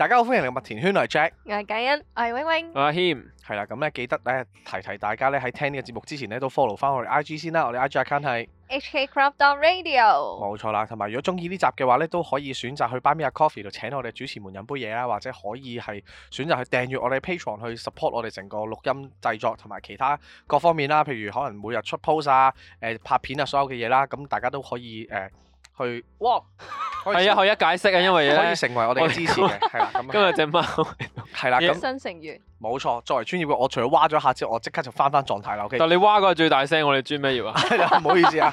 大家好，歡迎嚟麥田圈，我係 Jack，我係 Kayan，我係 Wing，我係 Him，係啦，咁咧記得咧提提大家咧喺聽呢個節目之前咧都 follow 翻我哋 IG 先 IG HK. Radio 啦，我哋 IG account 係 HKcrop Radio，冇錯啦，同埋如果中意呢集嘅話咧都可以選擇去 Buy Me a Coffee 度請我哋主持們飲杯嘢啦，或者可以係選擇去訂閱我哋 Patreon 去 support 我哋成個錄音製作同埋其他各方面啦，譬如可能每日出 post 啊，誒、呃、拍片啊所有嘅嘢啦，咁大家都可以誒。呃去，哇，係啊，可以一解釋啊， 因為可以成為我哋嘅支持嘅，係啦， 今日隻貓，係啦， 咁。新成員冇錯，作為專業嘅我，除咗挖咗下之後，我即刻就翻翻狀態啦。Okay? 但係你挖嗰係最大聲，我哋專咩業啊？係啊， 唔好意思啊。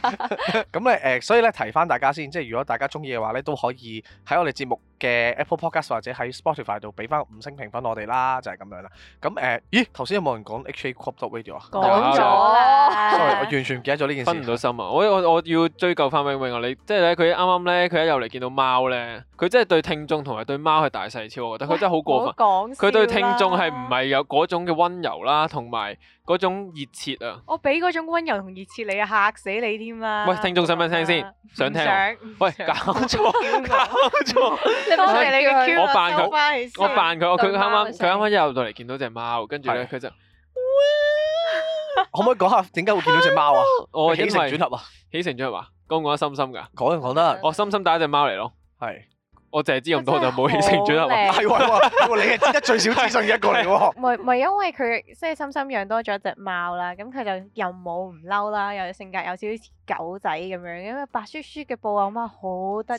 咁咧誒，所以咧提翻大家先，即係如果大家中意嘅話咧，都可以喺我哋節目嘅 Apple Podcast 或者喺 Spotify 度俾翻五星評分我哋啦，就係、是、咁樣啦。咁、嗯、誒、呃，咦頭先有冇人講 HK Crop Video 啊？講咗 ，sorry，我完全唔記得咗呢件事，分唔到心啊！我我我要追究翻永永啊，你即係咧佢啱啱咧佢一入嚟見到貓咧，佢真係對聽眾同埋對貓係大細超，我覺得佢真係好過分，佢對聽眾係唔係？係有嗰種嘅溫柔啦，同埋嗰種熱切啊！我俾嗰種溫柔同熱切你啊，吓死你添啦！喂，聽眾想唔想聽先？想聽。喂，搞錯！搞錯！多謝你嘅 Q，我扮佢，我扮佢，我佢啱啱佢啱啱一入到嚟見到隻貓，跟住咧佢就。可唔可以講下點解會見到隻貓啊？起承轉合啊！起承轉合，講唔講得心心噶？講又講得。我心心帶隻貓嚟咯，係。我淨係知咁多，就冇興趣轉啦。係喎， 你係知得最少資訊嘅一個嚟喎。唔係，唔係，因為佢即係深深養多咗一隻貓啦，咁佢就又冇唔嬲啦，又性格有少少，狗仔咁樣，因為白雪雪嘅布偶貓好得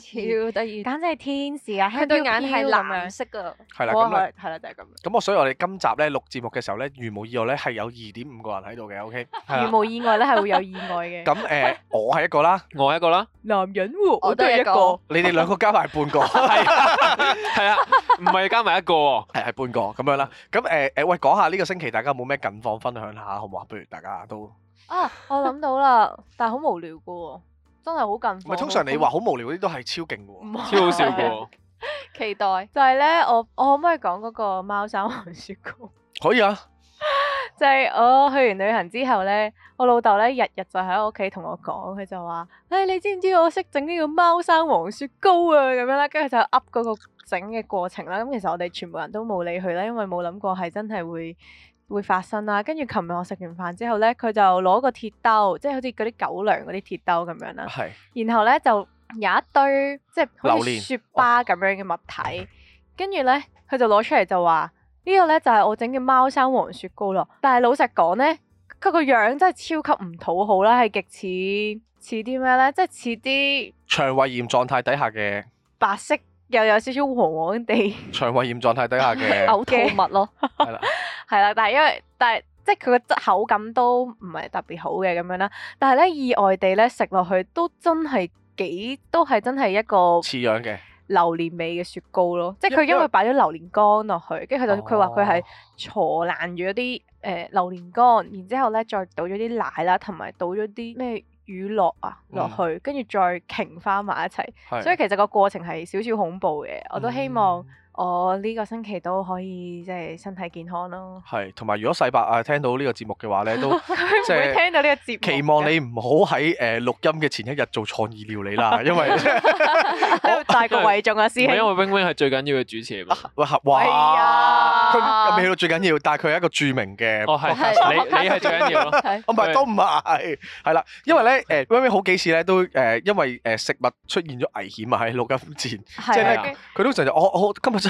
意，簡直係天使啊！佢對眼係藍色噶，係啦咁，係啦就係咁。咁我所以我哋今集咧錄節目嘅時候咧，如無意外咧係有二點五個人喺度嘅，OK。如無意外咧係會有意外嘅。咁誒，我係一個啦，我係一個啦。男人，我都係一個。你哋兩個加埋半個，係啊，唔係加埋一個，係係半個咁樣啦。咁誒誒，喂，講下呢個星期大家有冇咩近況分享下好唔好？不如大家都。啊，我諗到啦， 但係好無聊噶喎，真係好近。唔係，通常你話好無聊嗰啲都係超勁噶，是超好笑噶。期待，就係、是、咧，我我可唔可以講嗰個貓山王雪糕？可以啊， 就係我去完旅行之後咧，我老豆咧日日就喺我屋企同我講，佢就話，誒、哎，你知唔知我識整呢個貓山王雪糕啊？咁樣啦，跟住就 up 嗰個整嘅過程啦。咁其實我哋全部人都冇理佢啦，因為冇諗過係真係會。會發生啦，跟住琴日我食完飯之後呢，佢就攞個鐵兜，即係好似嗰啲狗糧嗰啲鐵兜咁樣啦。是然後呢，就有一堆即係好似雪芭咁樣嘅物體，跟住、哦、呢，佢就攞出嚟就話：呢、這個呢，就係、是、我整嘅貓山王雪糕咯。但係老實講呢，佢個樣真係超級唔討好啦，係極似似啲咩呢？即係似啲腸胃炎狀態底下嘅白色。又有少少黃黃地，腸胃炎狀態底下嘅，嘔吐物咯，係啦，係啦，但係因為，但係即係佢個質口感都唔係特別好嘅咁樣啦，但係咧意外地咧食落去都真係幾，都係真係一個似樣嘅榴蓮味嘅雪糕咯，即係佢因為擺咗榴蓮乾落去，跟住佢就佢話佢係挫爛咗啲誒榴蓮乾，然之後咧再倒咗啲奶啦，同埋倒咗啲咩？雨落啊，落去，跟住再擎返埋一齊，嗯、所以其實個過程係少少恐怖嘅，我都希望、嗯。我呢個星期都可以即係身體健康咯。係，同埋如果細伯啊聽到呢個節目嘅話咧，都即係聽到呢個節目，期望你唔好喺誒錄音嘅前一日做創意料理啦，因為我大個位眾啊師兄，因為 Wing Wing 係最緊要嘅主持合位。啊。哇，佢未到最緊要，但係佢係一個著名嘅。我係你，你係最緊要咯。唔係，都唔係，係啦，因為咧誒 Wing Wing 好幾次咧都誒，因為誒食物出現咗危險啊喺錄音前，係啊，佢都成日，我我今日。有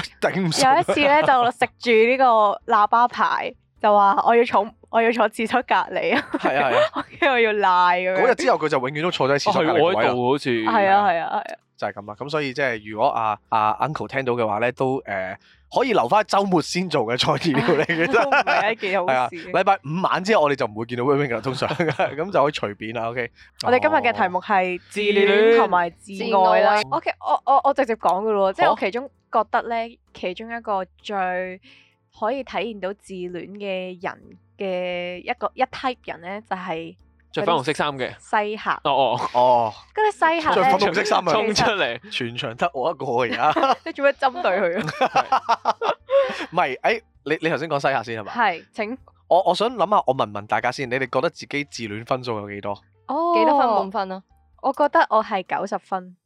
一次咧就食住呢個喇叭牌，就話我要坐我要坐廁所隔離啊，因我要賴嗰日之後佢就永遠都坐喺廁所隔離位啊，係啊係啊係啊，就係咁啊，咁所以即係如果阿阿 Uncle 聽到嘅話咧，都誒可以留翻周末先做嘅菜式料理嚟嘅，唔係一件好事。禮拜五晚之後我哋就唔會見到 Wing 啦，通常咁就可以隨便啦，OK。我哋今日嘅題目係自戀同埋自愛 OK 我我我直接講噶咯，即係我其中。覺得咧，其中一個最可以體現到自戀嘅人嘅一個一 type 人咧，就係、是、着粉紅色衫嘅西客。哦哦哦！跟住西客，着粉紅色衫啊，衝出嚟，全場得我一個而、 哎、家。你做咩針對佢啊？唔係，誒，你你頭先講西客先係嘛？係。請我我想諗下，我問問大家先，你哋覺得自己自戀分數有幾多？哦，幾多分滿分啊？我覺得我係九十分。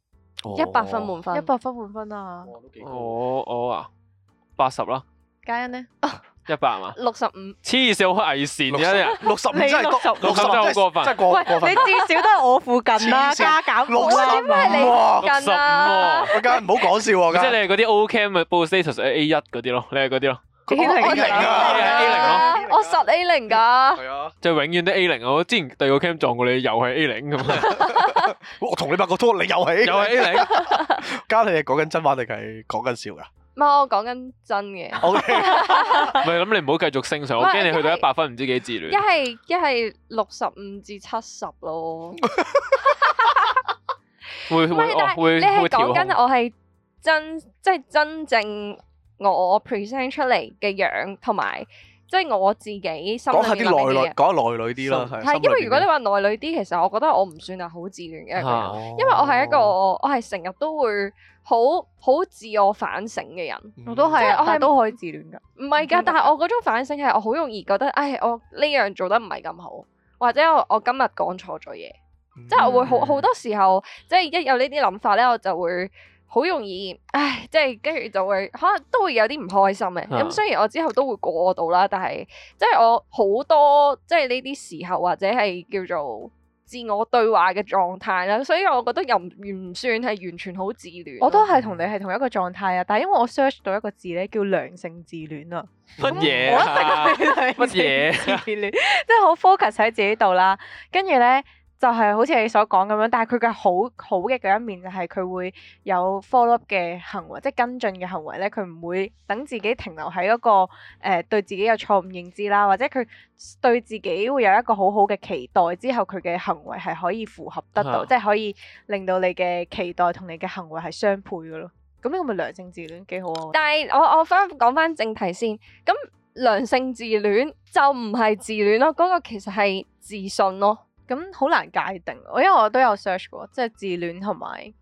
一百分滿分，一百分滿分啊！我我啊，八十啦。嘉欣呢？啊，一百啊六十五。黐線好偽善呢一日，六十五真係六十五真係過分，真係過分。你至少都係我附近啦，加減六十五哇，六十五哇，梗係唔好講笑。即係你係嗰啲 O camp 嘅 posters A1 嗰啲咯，你係嗰啲咯。幾零零啊？我實 A 零噶，就永遠都 A 零啊！我之前第二個 cam 撞過你，又係 A 零咁。我同你拍個拖，你又係又係 A 零。家下你係講緊真話定係講緊笑噶？唔係我講緊真嘅。咪諗你唔好繼續升上，我驚你去到一百分唔知幾自戀。一係一係六十五至七十咯。會會我？你係講緊我係真，即係真正。我 present 出嚟嘅樣同埋，即係我自己心裏諗嘅嘢，講下內裏啲咯，係。因為如果你話內裏啲，其實我覺得我唔算係好自戀嘅一個人，oh. 因為我係一個我係成日都會好好自我反省嘅人。嗯、我都係，是是我係都可以自戀噶，唔係噶，但係我嗰種反省係我好容易覺得，唉，我呢樣做得唔係咁好，或者我我今日講錯咗嘢，嗯、即係我會好好多時候，即係一有呢啲諗法咧，我就會。好容易，唉，即係跟住就會，可能都會有啲唔開心嘅。咁、嗯、雖然我之後都會過到啦，但係即係我好多即係呢啲時候或者係叫做自我對話嘅狀態啦。所以我覺得又唔算係完全好自戀。我都係同你係同一個狀態啊！但係因為我 search 到一個字咧，叫良性自戀啊。乜嘢啊？乜嘢自戀？即係好 focus 喺自己度啦。跟住咧。就係好似你所講咁樣，但係佢嘅好好嘅嗰一面就係佢會有 follow up 嘅行為，即係跟進嘅行為咧。佢唔會等自己停留喺一個誒、呃、對自己有錯誤認知啦，或者佢對自己會有一個好好嘅期待之後，佢嘅行為係可以符合得到，啊、即係可以令到你嘅期待同你嘅行為係相配嘅咯。咁呢個咪良性自戀幾好？但係我我返講返正題先，咁良性自戀就唔係自戀咯，嗰個其實係自信咯。咁好難界定，因為我都有 search 過，即係自戀同埋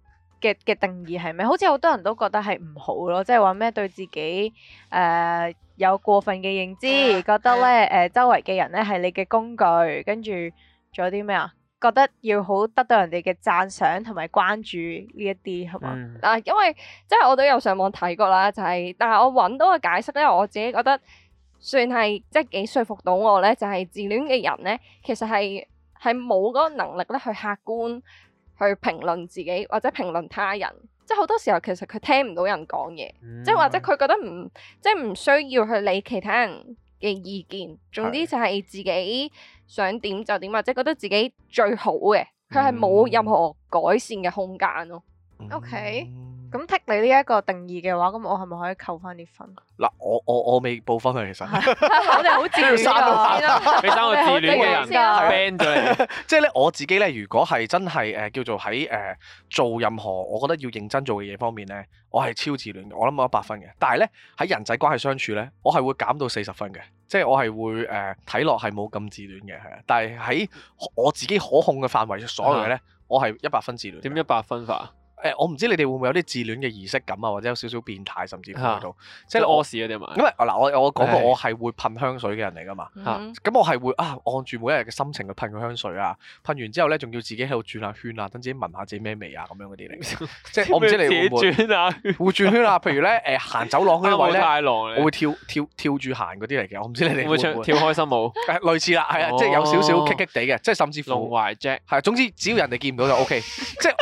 嘅嘅定義係咩？好似好多人都覺得係唔好咯，即係話咩對自己誒、呃、有過分嘅認知，啊、覺得咧誒的、呃、周圍嘅人咧係你嘅工具，跟住仲有啲咩啊？覺得要好得到人哋嘅讚賞同埋關注呢一啲係嘛？嗯、啊，因為即係我都有上網睇過啦，就係、是、但係我揾到個解釋咧，我自己覺得算係即係幾說服到我咧，就係、是、自戀嘅人咧，其實係。係冇嗰個能力咧去客觀去評論自己或者評論他人，即係好多時候其實佢聽唔到人講嘢、mm hmm.，即係或者佢覺得唔即係唔需要去理其他人嘅意見，總之就係自己想點就點，或者覺得自己最好嘅，佢係冇任何改善嘅空間咯。Mm hmm. OK。咁剔你呢一個定義嘅話，咁我係咪可以扣翻啲分？嗱，我我我未報分呀，其實我哋好 自戀噶，三來你三個自戀嘅人， 人，band 咗你。即係咧，我自己咧，如果係真係誒叫做喺誒做任何我覺得要認真做嘅嘢方面咧，我係超自戀，我諗我一百分嘅。但係咧喺人際關係相處咧，我係會減到四十分嘅，即係我係會誒睇落係冇咁自戀嘅，係。但係喺我自己可控嘅範圍內所有嘢咧，我係一百分自戀。點一百分法？誒，我唔知你哋會唔會有啲自戀嘅儀式感啊，或者有少少變態，甚至乎喺度，即係你屙屎啊？你哋咪咁啊！因為嗱，我我講過，我係會噴香水嘅人嚟㗎嘛。咁我係會啊，按住每一日嘅心情去噴個香水啊。噴完之後咧，仲要自己喺度轉下圈啊，等自己聞下自己咩味啊，咁樣嗰啲嚟。即係我唔知你會唔會轉下，會轉圈啊？譬如咧，誒，行走廊嗰啲位咧，我會跳跳跳住行嗰啲嚟嘅。我唔知你哋會唔會跳開心舞？類似啦，係啊，即係有少少棘棘地嘅，即係甚至乎。龍懷，Jack，總之只要人哋見唔到就 OK，即係。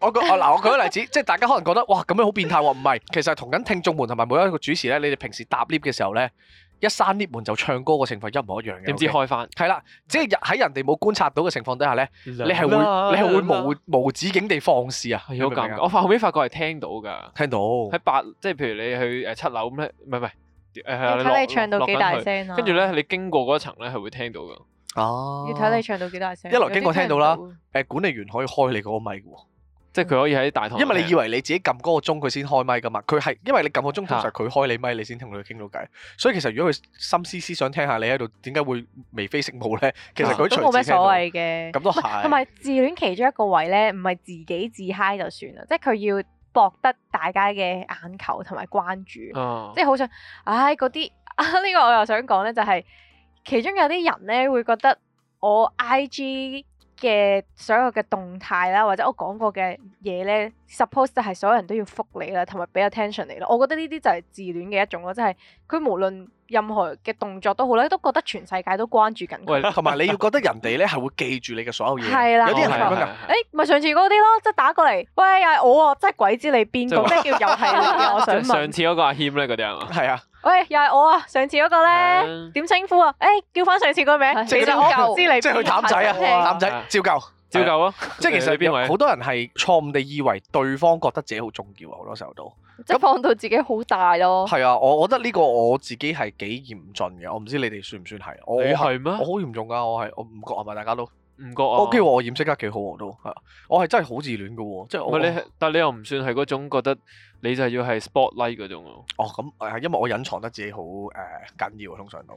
我嗱，我舉個例子，即係大家可能覺得哇咁樣好變態喎，唔係，其實同緊聽眾們同埋每一個主持咧，你哋平時搭 lift 嘅時候咧，一閂 lift 門就唱歌嘅情況一模一樣嘅，點知開返？係啦，即係喺人哋冇觀察到嘅情況底下咧，你係會你係會無無止境地放肆啊！如果咁，我後尾發覺係聽到㗎，聽到喺八，即係譬如你去誒七樓咁咧，唔係唔係誒，睇你唱到幾大聲啊！跟住咧，你經過嗰層咧，係會聽到㗎哦。要睇你唱到幾大聲，一來經過聽到啦，誒，管理員可以開你嗰個咪即係佢可以喺大堂，因為你以為你自己撳嗰個鐘佢先開麥㗎嘛？佢係因為你撳個鐘同，同實佢開你咪，你先同佢傾到偈。所以其實如果佢心思思想聽下你喺度點解會眉飛色舞咧，其實佢都冇咩所謂嘅。咁都同埋自戀其中一個位咧，唔係自己自嗨就算啦。即係佢要博得大家嘅眼球同埋關注，啊、即係好想。唉、哎，嗰啲呢個我又想講咧、就是，就係其中有啲人咧會覺得我 IG 嘅所有嘅動態啦，或者我講過嘅嘢咧，suppose 就係所有人都要覆你啦，同埋俾 attention 你咯。我覺得呢啲就係自戀嘅一種咯，即係佢無論任何嘅動作都好咧，都覺得全世界都關注緊佢。喂，同埋你要覺得人哋咧係會記住你嘅所有嘢， 係啦，有啲人係咁。誒、哦，咪、欸、上次嗰啲咯，即係打過嚟，喂又係我喎，即係鬼知你邊個咩叫有吸引。我想問，上次嗰個阿謙咧嗰啲係嘛？係啊。喂，又係我啊！上次嗰個咧，點稱 Yeah. 呼啊？誒、欸，叫翻上次個名，即係、啊、我唔知你即係佢淡仔啊，淡 仔照舊，照舊咯。即係其實邊位？好多人係錯誤地以為對方覺得自己好重要啊，好多時候都即放到自己好大咯、啊。係啊，我我覺得呢個我自己係幾嚴峻嘅，我唔知你哋算唔算係？我係咩？我好嚴重噶，我係我唔覺係咪大家都唔覺啊。O K，我掩飾得幾好我都，我係真係好自戀噶，即、就、係、是、我覺得。唔係你但係你又唔算係嗰種覺得。你就係要係 spotlight 嗰種咯。哦，咁誒 If 是，因為我隱藏得自己好誒緊要，通常都。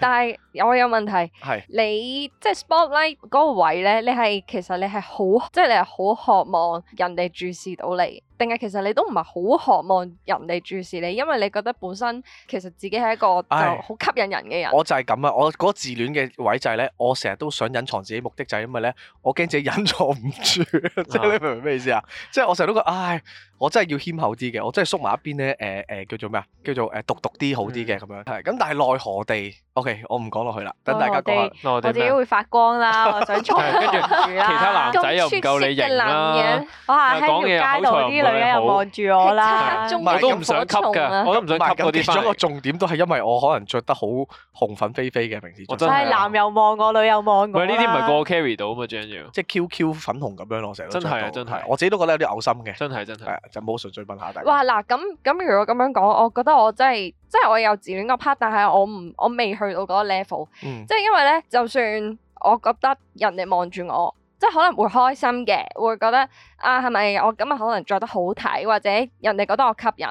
但係我有問題。係。lamps 是你即係 spotlight 嗰個位咧，你係其實你係好，即、就、係、是、你係好渴望人哋注視到你，定係其實你都唔係好渴望人哋注視你，因為你覺得本身其實自己係一個好吸引人嘅人。我就係咁啊！我嗰個自戀嘅位就係咧，我成日都想隱藏自己目的就係因為咧，我驚自己隱藏唔住，即係你明唔明咩意思啊？即係我成日都覺得，唉，我真係要謙厚。啲嘅，我真係縮埋一邊咧，誒誒叫做咩啊？叫做誒毒毒啲好啲嘅咁樣。係，咁但係奈何地，OK，我唔講落去啦。等大家講下，我自己會發光啦，我想衝住啦。其他男仔又唔夠你型啦。我行喺條街度，啲女人又望住我啦。唔係都唔想吸㗎，我唔想吸嗰啲。其中一個重點都係因為我可能著得好紅粉飛飛嘅平時，真係男又望我，女又望我。唔係呢啲唔係個個 carry 到啊嘛，Jenny。即係 QQ 粉紅咁樣咯，成日都著。真係啊！真係，我自己都覺得有啲嘔心嘅。真係真係。係啊，就冇純粹笨下。哇嗱，咁咁如果咁樣講，我覺得我真係，即係我有自戀個 part，但係我唔，我未去到嗰個 level，嗯，即係因為咧，就算我覺得人哋望住我，即係可能會開心嘅，會覺得啊，係咪我今日可能着得好睇，或者人哋覺得我吸引。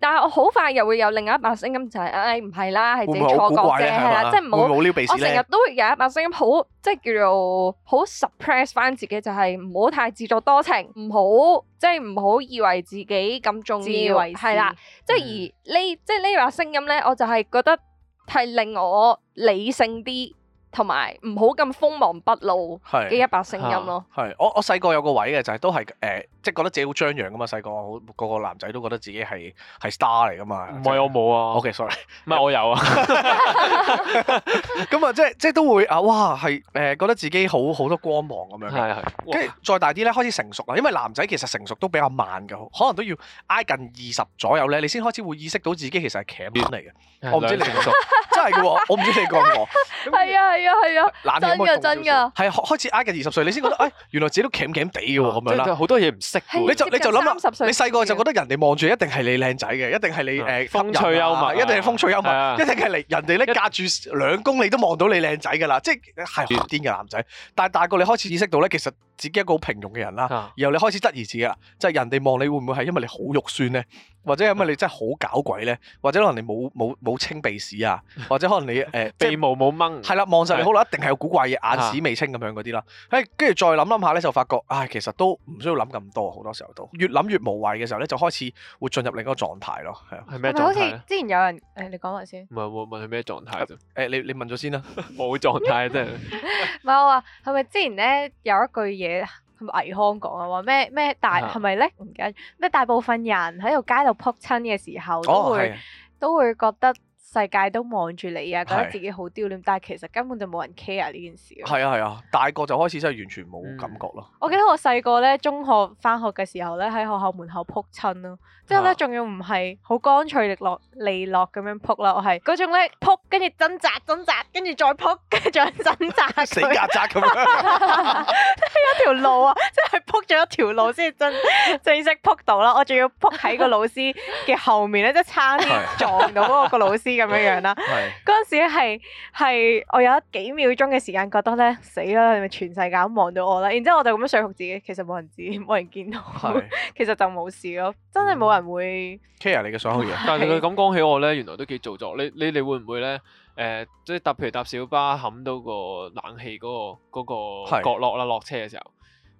但係我好快又會有另一把聲音，就係、是、唉，唔、哎、係啦，係自己錯覺嘅，係啦，即係唔好。會會我成日都會有一把聲音，好即係叫做好 suppress 翻自己，就係唔好太自作多情，唔好即係唔好以為自己咁重要，係啦。嗯、即係而呢，即係呢把聲音咧，我就係覺得係令我理性啲，同埋唔好咁鋒芒不露嘅一把聲音咯。係、啊、我我細個有個位嘅，就係、是、都係誒。呃即係覺得自己好張揚㗎嘛，細個個個男仔都覺得自己係係 star 嚟㗎嘛。唔係我冇啊。OK，sorry。唔係我有啊。咁啊，即係即係都會啊，哇，係誒，覺得自己好好多光芒咁樣。係係。跟住再大啲咧，開始成熟啦。因為男仔其實成熟都比較慢㗎，可能都要挨近二十左右咧，你先開始會意識到自己其實係僷嚟嘅。我唔知你成熟，真係㗎喎。我唔知你過唔過。係啊係啊係啊。真㗎真㗎。係開始挨近二十歲，你先覺得原來自己都僷僷地㗎喎咁樣。好多嘢唔。你就你就諗啊！你細個就覺得人哋望住一定係你靚仔嘅，一定係你誒、嗯呃、風趣幽默，一定係風趣幽默，的一定係你人哋咧隔住兩公里都望到你靚仔㗎啦！的即係係癲嘅男仔， 但係大個你開始意識到咧，其實。自己一個好平庸嘅人啦，然後你開始質疑自己，即係人哋望你會唔會係因為你好肉酸咧，或者係因為你真係好搞鬼咧，或者可能你冇冇冇清鼻屎啊，或者可能你誒鼻毛冇掹，係啦，望實你好耐，一定係有古怪嘢，眼屎未清咁樣嗰啲啦。跟住再諗諗下咧，就發覺，唉，其實都唔需要諗咁多，好多時候都越諗越無謂嘅時候咧，就開始會進入另一個狀態咯。係咩狀態咧？好似之前有人誒，你講話先。唔係問問佢咩狀態啫？你你問咗先啦。冇狀態真係。唔係我話係咪之前咧有一句嘢？係咪危康講啊，話咩咩大係咪咧？唔記咩？大部分人喺度街度撲親嘅時候，哦、都會的都會覺得。世界都望住你啊！覺得自己好丟臉，的但係其實根本就冇人 care 呢件事。係啊係啊，大個就開始真係完全冇感覺啦、嗯。我記得我細個咧，中學返學嘅時候咧，喺學校門口撲親咯，之後咧仲要唔係好乾脆力落利落咁樣撲啦，我係嗰種咧撲跟住掙扎掙扎，跟住再撲跟住再掙扎，扎 死曱甴咁樣， 即係一條路啊，即係撲咗一條路先正正式撲到啦，我仲要撲喺個老師嘅後面咧，即係差啲撞到嗰個老師。咁樣樣啦、啊，嗰陣 時係係我有幾秒鐘嘅時間覺得咧死啦，係咪全世界都望到我啦？然之後我就咁樣說服自己，其實冇人知，冇人見到， 其實就冇事咯，嗯、真係冇人會 care 你嘅所有嘢。但係佢咁講起我咧，原來都幾做作。你你你會唔會咧？誒、呃，即係搭譬如搭小巴，冚到個冷氣嗰、嗰個、嗰個角落啦， 落車嘅時候，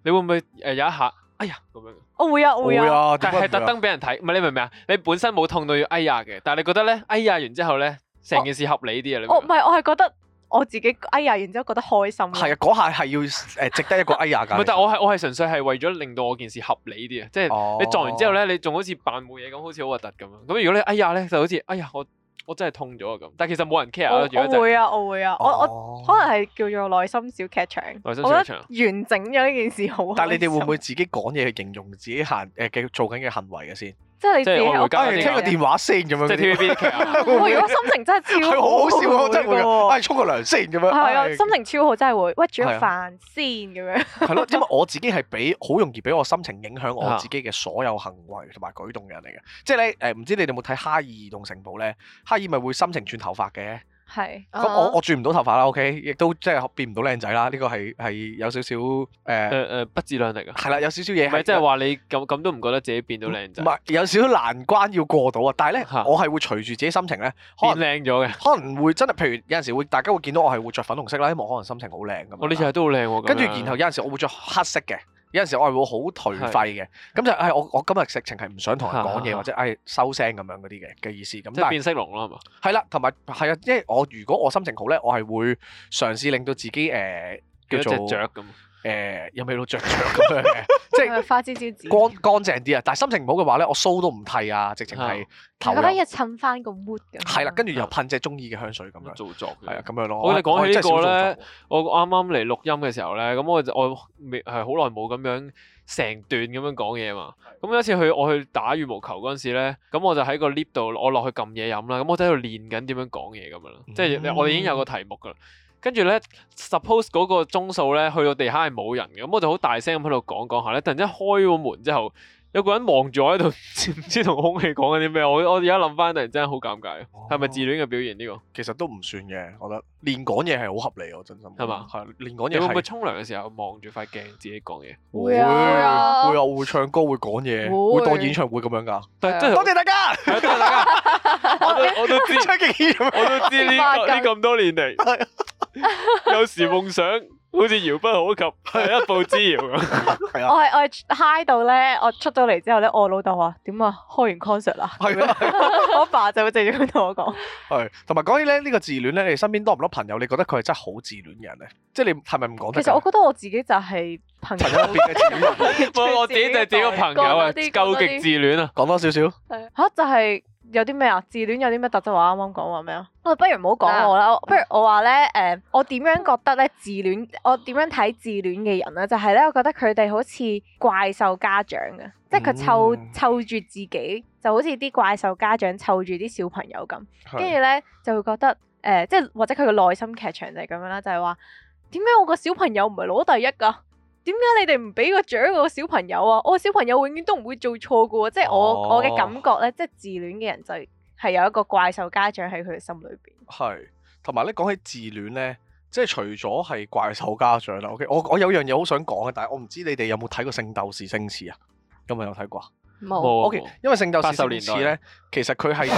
你會唔會誒有一下？哎呀，咁樣我會啊我會啊，但係特登俾人睇，唔係、啊、你明唔明啊？你本身冇痛到要哎呀嘅，但係你覺得咧，哎呀，完之後咧，成件事合理啲啊？我你唔係我係覺得我自己哎呀，完之後覺得開心。係啊，嗰下係要誒，值得一個哎呀㗎。唔係 說，但我係我係純粹係為咗令到我件事合理啲啊！即、就、係、是、你撞完之後咧，你仲好似扮冇嘢咁，好似好核突咁啊！咁如果你哎呀咧，就好似哎呀我。我真係痛咗啊咁，但係其實冇人 care 咯。我，我會啊，我會啊，oh. 我我可能係叫做內心小劇場，內心小劇場完整咗呢件事好。但係你哋會唔會自己講嘢去形容自己行誒嘅、呃、做緊嘅行為嘅先？即係你誒、哎、聽個電話先咁樣，即係 TVB 劇啊！我 如果心情真係超好，佢好好笑啊！這個 真係會你沖、哎、個涼先咁樣，係啊、哎、心情超好真係會屈住飯先咁樣。係咯的， 因為我自己係俾好容易俾我心情影響我自己嘅所有行為同埋舉動嘅人嚟嘅。即係咧誒，唔、呃、知你哋有冇睇《哈爾移動城堡》咧？哈爾咪會心情轉頭髮嘅。係，咁是我、uh huh. 我轉唔到頭髮啦，OK，亦都即係變唔到靚仔啦，呢、這個係係有少少誒誒、呃呃、不自量力啊，係啦，有少少嘢，唔係即係話你咁咁都唔覺得自己變到靚仔，唔係有少少難關要過到啊，但係咧，哈我係會隨住自己心情咧變靚咗嘅，可能會真係譬如有陣時會大家會見到我係會着粉紅色啦，因為我可能心情好靚咁，我呢隻都好靚喎，跟住樣然，然後有陣時我會着黑色嘅。有陣時我係會好頹廢嘅，咁的就係、是哎、我我今日直情係唔想同人講嘢的或者唉、哎、收聲咁樣嗰啲嘅嘅意思，咁即係變色龍囉，係嘛，係啦，同埋係啊，因為我如果我心情好咧，我係會嘗試令到自己誒、呃、叫做雀咁。誒、呃，有味道着着咁樣嘅， 即係花枝招展，乾乾淨啲啊！但係心情唔好嘅話咧，我鬚都唔剃啊，直情係頭。我覺得要襯翻個 mood 嘅。係啦，跟住又噴隻中意嘅香水咁樣。做作嘅，係啊，咁樣咯。我哋講起呢個咧，我啱啱嚟錄音嘅時候咧，咁我就我未係好耐冇咁樣成段咁樣講嘢嘛。咁有一次去我去打羽毛球嗰陣時咧，咁我就喺個 lift 度，我落去撳嘢飲啦。咁我喺度練緊點樣講嘢咁樣啦，嗯、即係我哋已經有個題目噶啦。跟住咧，suppose 嗰個鐘數咧去到地下係冇人嘅，咁我就好大聲咁喺度講講下咧，突然之間開個門之後，有個人望住我喺度，唔知同空氣講緊啲咩。我我而家諗翻，突然之間好尷尬，係咪自戀嘅表現呢個？其實都唔算嘅，我覺得。練講嘢係好合理，我真心。係嘛？係。練講嘢。會唔會沖涼嘅時候望住塊鏡自己講嘢？會啊！會啊！會唱歌，會講嘢，會當演唱會咁樣噶。多謝大家！多謝大家！我都我都知，我都知呢呢咁多年嚟。 有時夢想好似遙不可及，係一步之遙咁。係 啊，我係我係 high 到咧，我出到嚟之後咧，我老豆話：點啊，開完 concert 啦。係啊，我爸,爸就咪就咁同我講。係，同埋講起咧呢、這個自戀咧，你身邊多唔多朋友？你覺得佢係真係好自戀嘅人咧？即係你係咪唔講得是是？其實我覺得我自己就係朋友變嘅我自己就係自己個朋友啊，究極自戀啊，講多少少。係。吓 就係、是。有啲咩啊？自戀有啲咩特質？我啱啱講話咩啊？我不如唔好講我啦，不如我話咧，誒、呃，我點樣覺得咧？自戀，我點樣睇自戀嘅人咧？就係、是、咧，我覺得佢哋好似怪獸家長嘅，嗯、即係佢湊湊住自己，就好似啲怪獸家長湊住啲小朋友咁，跟住咧就會覺得，誒、呃，即係或者佢個內心劇場就係咁樣啦，就係、是、話，點解我個小朋友唔係攞第一噶？點解你哋唔俾個獎個小朋友啊？我小朋友永遠都唔會做錯噶喎，即係我，哦，我嘅感覺咧，即係自戀嘅人就係有一個怪獸家長喺佢嘅心裏邊。係，同埋咧講起自戀咧，即係除咗係怪獸家長啦。OK，我我有樣嘢好想講嘅，但係我唔知你哋有冇睇過《聖鬥士星矢》啊？有冇有睇過？冇，O K，因為聖鬥士年代咧，其實佢係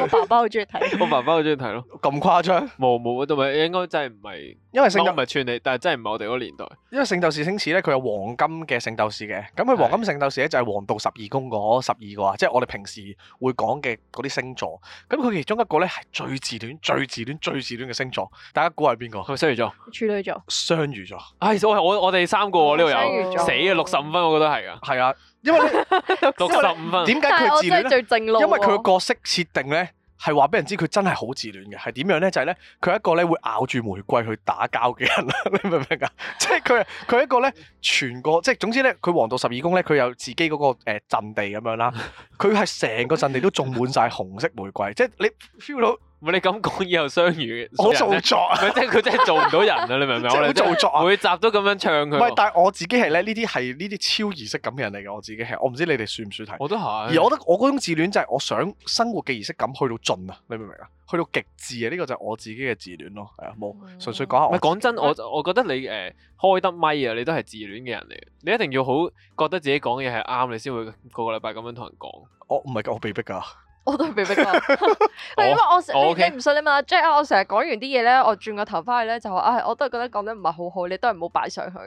我爸爸好中意睇，我爸爸好中意睇咯，咁誇張？冇冇，同埋應該真係唔係，因為聖鬥咪，唔係串嚟，但係真係唔係我哋嗰個年代。因為聖鬥士星矢咧，佢有黃金嘅聖鬥士嘅，咁佢黃金聖鬥士咧就係黃道十二宮嗰十二個啊，即係我哋平時會講嘅嗰啲星座。咁佢其中一個咧係最自戀、最自戀、最自戀嘅星座，大家估係邊個？雙魚座、處女座、雙魚座。唉，我係我我哋三個喎，呢度有死啊！六十五分，我覺得係噶，係啊。因為六十五分，點解佢自戀咧？因為佢個角色設定咧，係話俾人知佢真係好自戀嘅，係點樣咧？就係咧，佢一個咧會咬住玫瑰去打交嘅人，你明唔明啊？即係佢係佢一個咧，全個即係總之咧，佢黃道十二宮咧，佢有自己嗰個誒陣地咁樣啦，佢係成個陣地都種滿晒紅色玫瑰，即係你 feel 到。唔係你咁講以後相遇，我做作，啊，唔係即係佢真係做唔到人啊！你明唔明 我我做作啊，每集都咁樣唱佢。唔係，但係我自己係咧，呢啲係呢啲超儀式感嘅人嚟嘅。我自己係，我唔知你哋算唔算睇。我都係。而我覺得我嗰種自戀就係我想生活嘅儀式感去到盡啊！你明唔明啊？去到極致啊！呢、這個就係我自己嘅自戀咯。係啊、嗯，冇純粹講下我。下。唔係講真，我我覺得你誒、呃、開得咪啊，你都係自戀嘅人嚟，你一定要好覺得自己講嘢係啱，你先會個個禮拜咁樣同人講。我唔係我被逼噶。我都係被逼㗎！我因為我你唔信，你問阿 Jack 啊！我成日講完啲嘢咧，我轉個頭翻去咧就話啊，我都係覺得講得唔係好好，你都係唔好擺上去。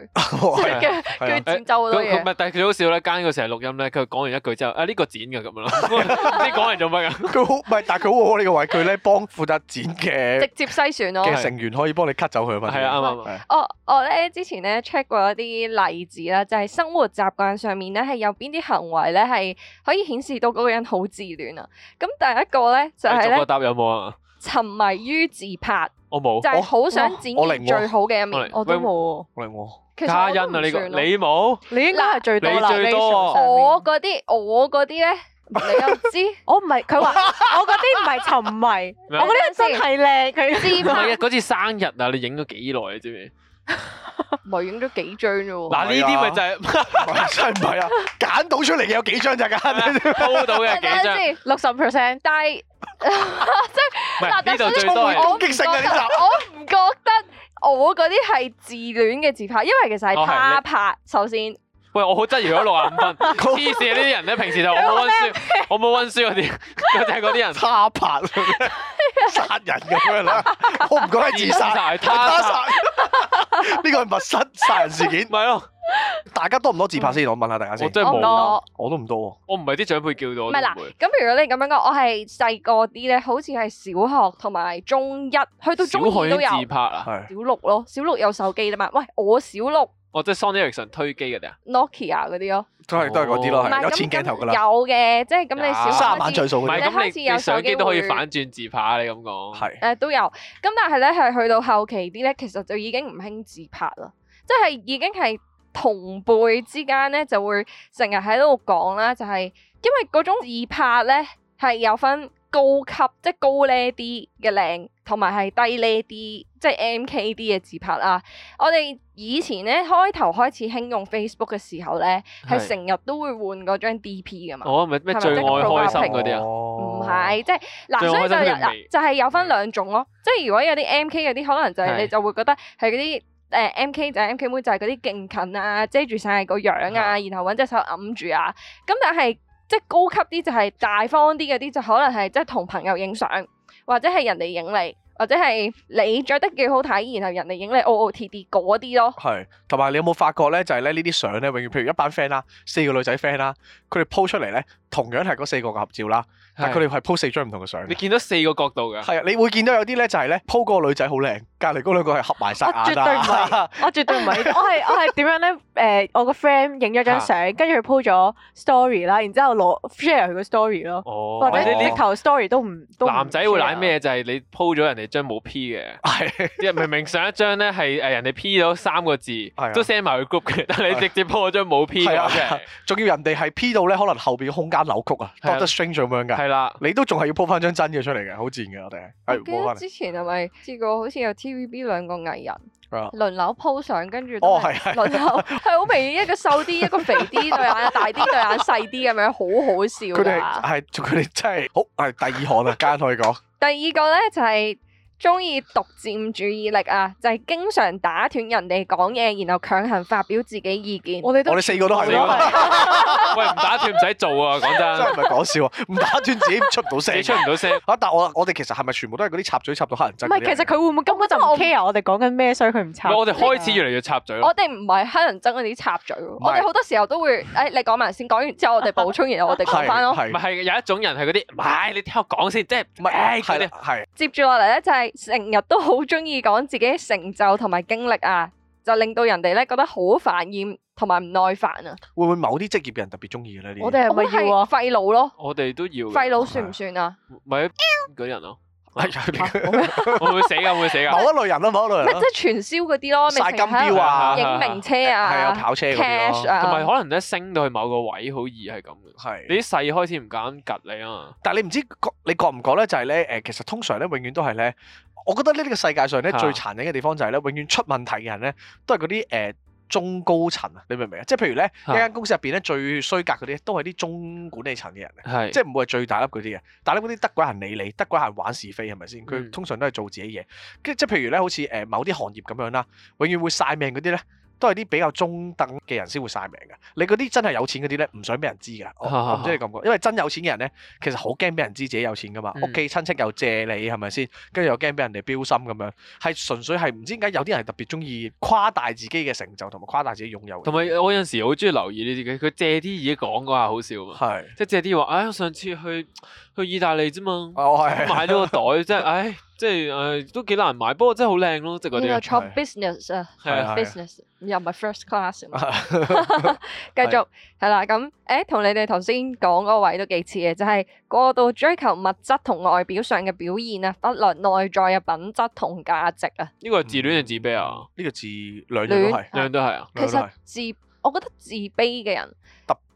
跟住剪走好多嘢。唔係，但係佢好笑咧，間佢成日錄音咧，佢講完一句之後啊，呢個剪嘅咁樣咯，啲講嚟做乜嘅？佢好唔係，但佢喺我呢個位，佢咧幫負責剪嘅，直接篩選咯嘅成員可以幫你 cut 走佢啊嘛。係啊，啱啱。我我咧之前咧 check 過一啲例子啦，就係生活習慣上面咧係有邊啲行為咧係可以顯示到嗰個人好自戀啊。咁第一個咧就係咧，個答有冇啊？沉迷於自拍，我冇，我好想展現最好嘅一面，我都冇。我嚟我嘉欣啊呢個你冇，你應該係最多啦。你最多我嗰啲，我嗰啲咧，你又唔知？我唔係佢話我嗰啲唔係沉迷，我嗰啲真係靚，佢知。唔係啊，嗰次生日啊，你影咗幾耐你知唔知？咪影咗幾張啫喎，嗱，呢啲咪就係真係唔係啊，揀到出嚟有幾張咋？揀到嘅六十 percent，但係即係嗱，嗰啲攻擊性嘅，我唔覺得我嗰啲係自戀嘅自拍，因為其實係怕拍，首先。喂，我好質疑咗六啊五蚊黐線！呢啲人咧，平時就我冇温書，我冇温書嗰啲，就係嗰啲人自拍、殺人嘅嗰啲啦。我唔講係自殺，自殺。呢個係密室殺人事件。咪咯，大家多唔多自拍先？我問下大家先。我真係冇，我都唔多。我唔係啲長輩叫到。唔係，咁如果你咁樣講，我係細個啲咧，好似係小學同埋中一，去到中二都有。小六咯，小六有手機啦嘛。喂，我小六，哦，即係 Sony Ericsson 推機嗰啲啊，Nokia 嗰啲咯，都係都係嗰啲咯，唔係、哦、有前鏡頭噶啦，有嘅，即係咁你小開始，唔係咁你開有機你相機都可以反轉自拍、啊，你咁講係，誒是、呃、都有，咁但係咧係去到後期啲咧，其實就已經唔興自拍啦，即、就、係、是、已經係同輩之間咧就會成日喺度講啦，就係因為嗰種自拍咧係有分。高級即係高呢啲嘅靚，同埋係低呢啲即係 M K 啲嘅自拍啊。我哋以前咧開頭開始興用 Facebook 嘅時候咧，係成日都會換嗰張 D P 噶嘛。哦，唔係咩最愛開心嗰啲啊？唔係，即係嗱、哦，所以就有，啦，就係有分兩種咯。即係是如果有啲 M K 嗰啲，可能就係、是、是你就會覺得係嗰啲誒 M K 就係 M K 妹，就係嗰啲勁近啊，遮住晒個樣啊，是然後揾隻手揞住啊。咁但係。即係高級啲就係大方啲嘅啲，就係可能係即係同朋友影相，或者係人哋影你。或者係你着得幾好睇，然後人哋影你 O O T D 嗰啲咯。係，同埋你有冇發覺咧？就係咧呢啲相咧，永遠譬如一班 friend 啦，四個女仔 friend 啦，佢哋 po 出嚟咧，同樣係嗰四個嘅合照啦，是但佢哋係 po 四張唔同嘅相。你見到四個角度嘅。係，你會見到有啲咧就係咧 po 個女仔好靚，隔籬嗰兩個係合埋曬眼。我絕對唔係， 我絕對唔係，我係我係點樣咧？誒，我個 friend 影咗張相，跟住佢 po 咗 story 啦，然之後攞 share 佢個 story 咯、哦。或者你你投 story 都唔男仔會懶咩？就係、是、你 po 咗人哋。張冇 P 嘅。係，即係明明上一張咧係誒人哋 P 咗三個字，都 send 埋去 group 嘅，但係你直接鋪張冇 P 嘅。仲要人哋係 P 到咧，可能後邊空間扭曲啊，Doctor Strange 咁樣噶，係啦，你都仲係要鋪翻張真嘅出嚟嘅，好賤嘅我哋，係之前係咪試過好似有 TVB 兩個藝人輪流鋪相，跟住哦係輪流，係好明顯一個瘦啲，一個肥啲，對眼大啲，對眼細啲咁樣，好好笑噶，係，佢哋真係好，係第二項啊，間可以講。第二個咧就係。中意獨占注意力啊！就係經常打斷人哋講嘢，然後強行發表自己意見。我哋都我哋四個都係。喂，唔打斷唔使做啊！講真，唔係講笑啊！唔打斷自己出唔到聲，出唔到聲。但我我哋其實係咪全部都係嗰啲插嘴插到黑人憎？唔係，其實佢會唔會根本就唔 care 我哋講緊咩，所以佢唔插。我哋開始越嚟越插嘴。我哋唔係黑人憎嗰啲插嘴，我哋好多時候都會誒，你講埋先，講完之後我哋補充，然後我哋講翻咯。係有一種人係嗰啲，唉，你聽我講先，即係誒嗰啲係。接住落嚟咧就係。成日都好中意講自己成就同埋經歷啊，就令到人哋咧覺得好煩厭同埋唔耐煩啊！會唔會某啲職業嘅人特別中意咧？呢啲我哋係咪要啊？廢老咯！我哋都要。廢老算唔算啊？唔係嗰啲人咯。 會唔會死噶，會，唔會死噶、 啊。某一類人咯，某一類人，即係傳銷嗰啲咯，晒金表啊，影名車啊，係啊，啊，跑車嗰啲咯，同埋可能咧升到去某個位，好易係咁嘅。係你啲細開始唔敢及你啊！但係你唔知，你覺唔覺咧？就係咧，誒，其實通常咧，永遠都係咧，我覺得呢個世界上咧最殘忍嘅地方就係咧，永遠出問題嘅人咧，都係嗰啲誒。呃中高層啊，你明唔明啊？即係譬如咧，一間公司入邊咧最衰格嗰啲，都係啲中管理層嘅人嚟，是即係唔會係最大粒嗰啲嘅。大粒嗰啲得鬼閒理你，得鬼閒玩是非係咪先？佢、嗯、通常都係做自己嘢。跟即係譬如咧，好似誒某啲行業咁樣啦，永遠會晒命嗰啲咧。都係啲比較中等嘅人先會晒命㗎，你嗰啲真係有錢嗰啲咧，唔想俾人知噶。呵呵呵，我唔知你咁講，因為真有錢嘅人咧，其實好驚俾人知自己有錢噶嘛。屋企親戚又借你，係咪先？跟住又驚俾人哋標心咁樣，係純粹係唔知點解有啲人特別中意誇大自己嘅成就同埋誇大自己擁有。同埋我有陣時好中意留意呢啲嘅，佢借啲嘢講嘅話好笑啊，係即係借啲話，唉、哎，上次去。去意大利啫嘛，oh, yes. 買咗個袋，即係，唉，即係，唉、呃，都幾難買，不過真係好靚咯，即係嗰啲。坐 business 啊，係啊，business 又唔係 first class。繼續係啦，咁，誒，同你哋頭先講嗰位都幾似嘅，就係過度追求物質同外表上嘅表現啊，忽略內在嘅品質同價值啊。呢個係自戀定自卑啊？呢個自，兩樣都係，兩樣都係啊。其實自，我覺得自卑嘅人。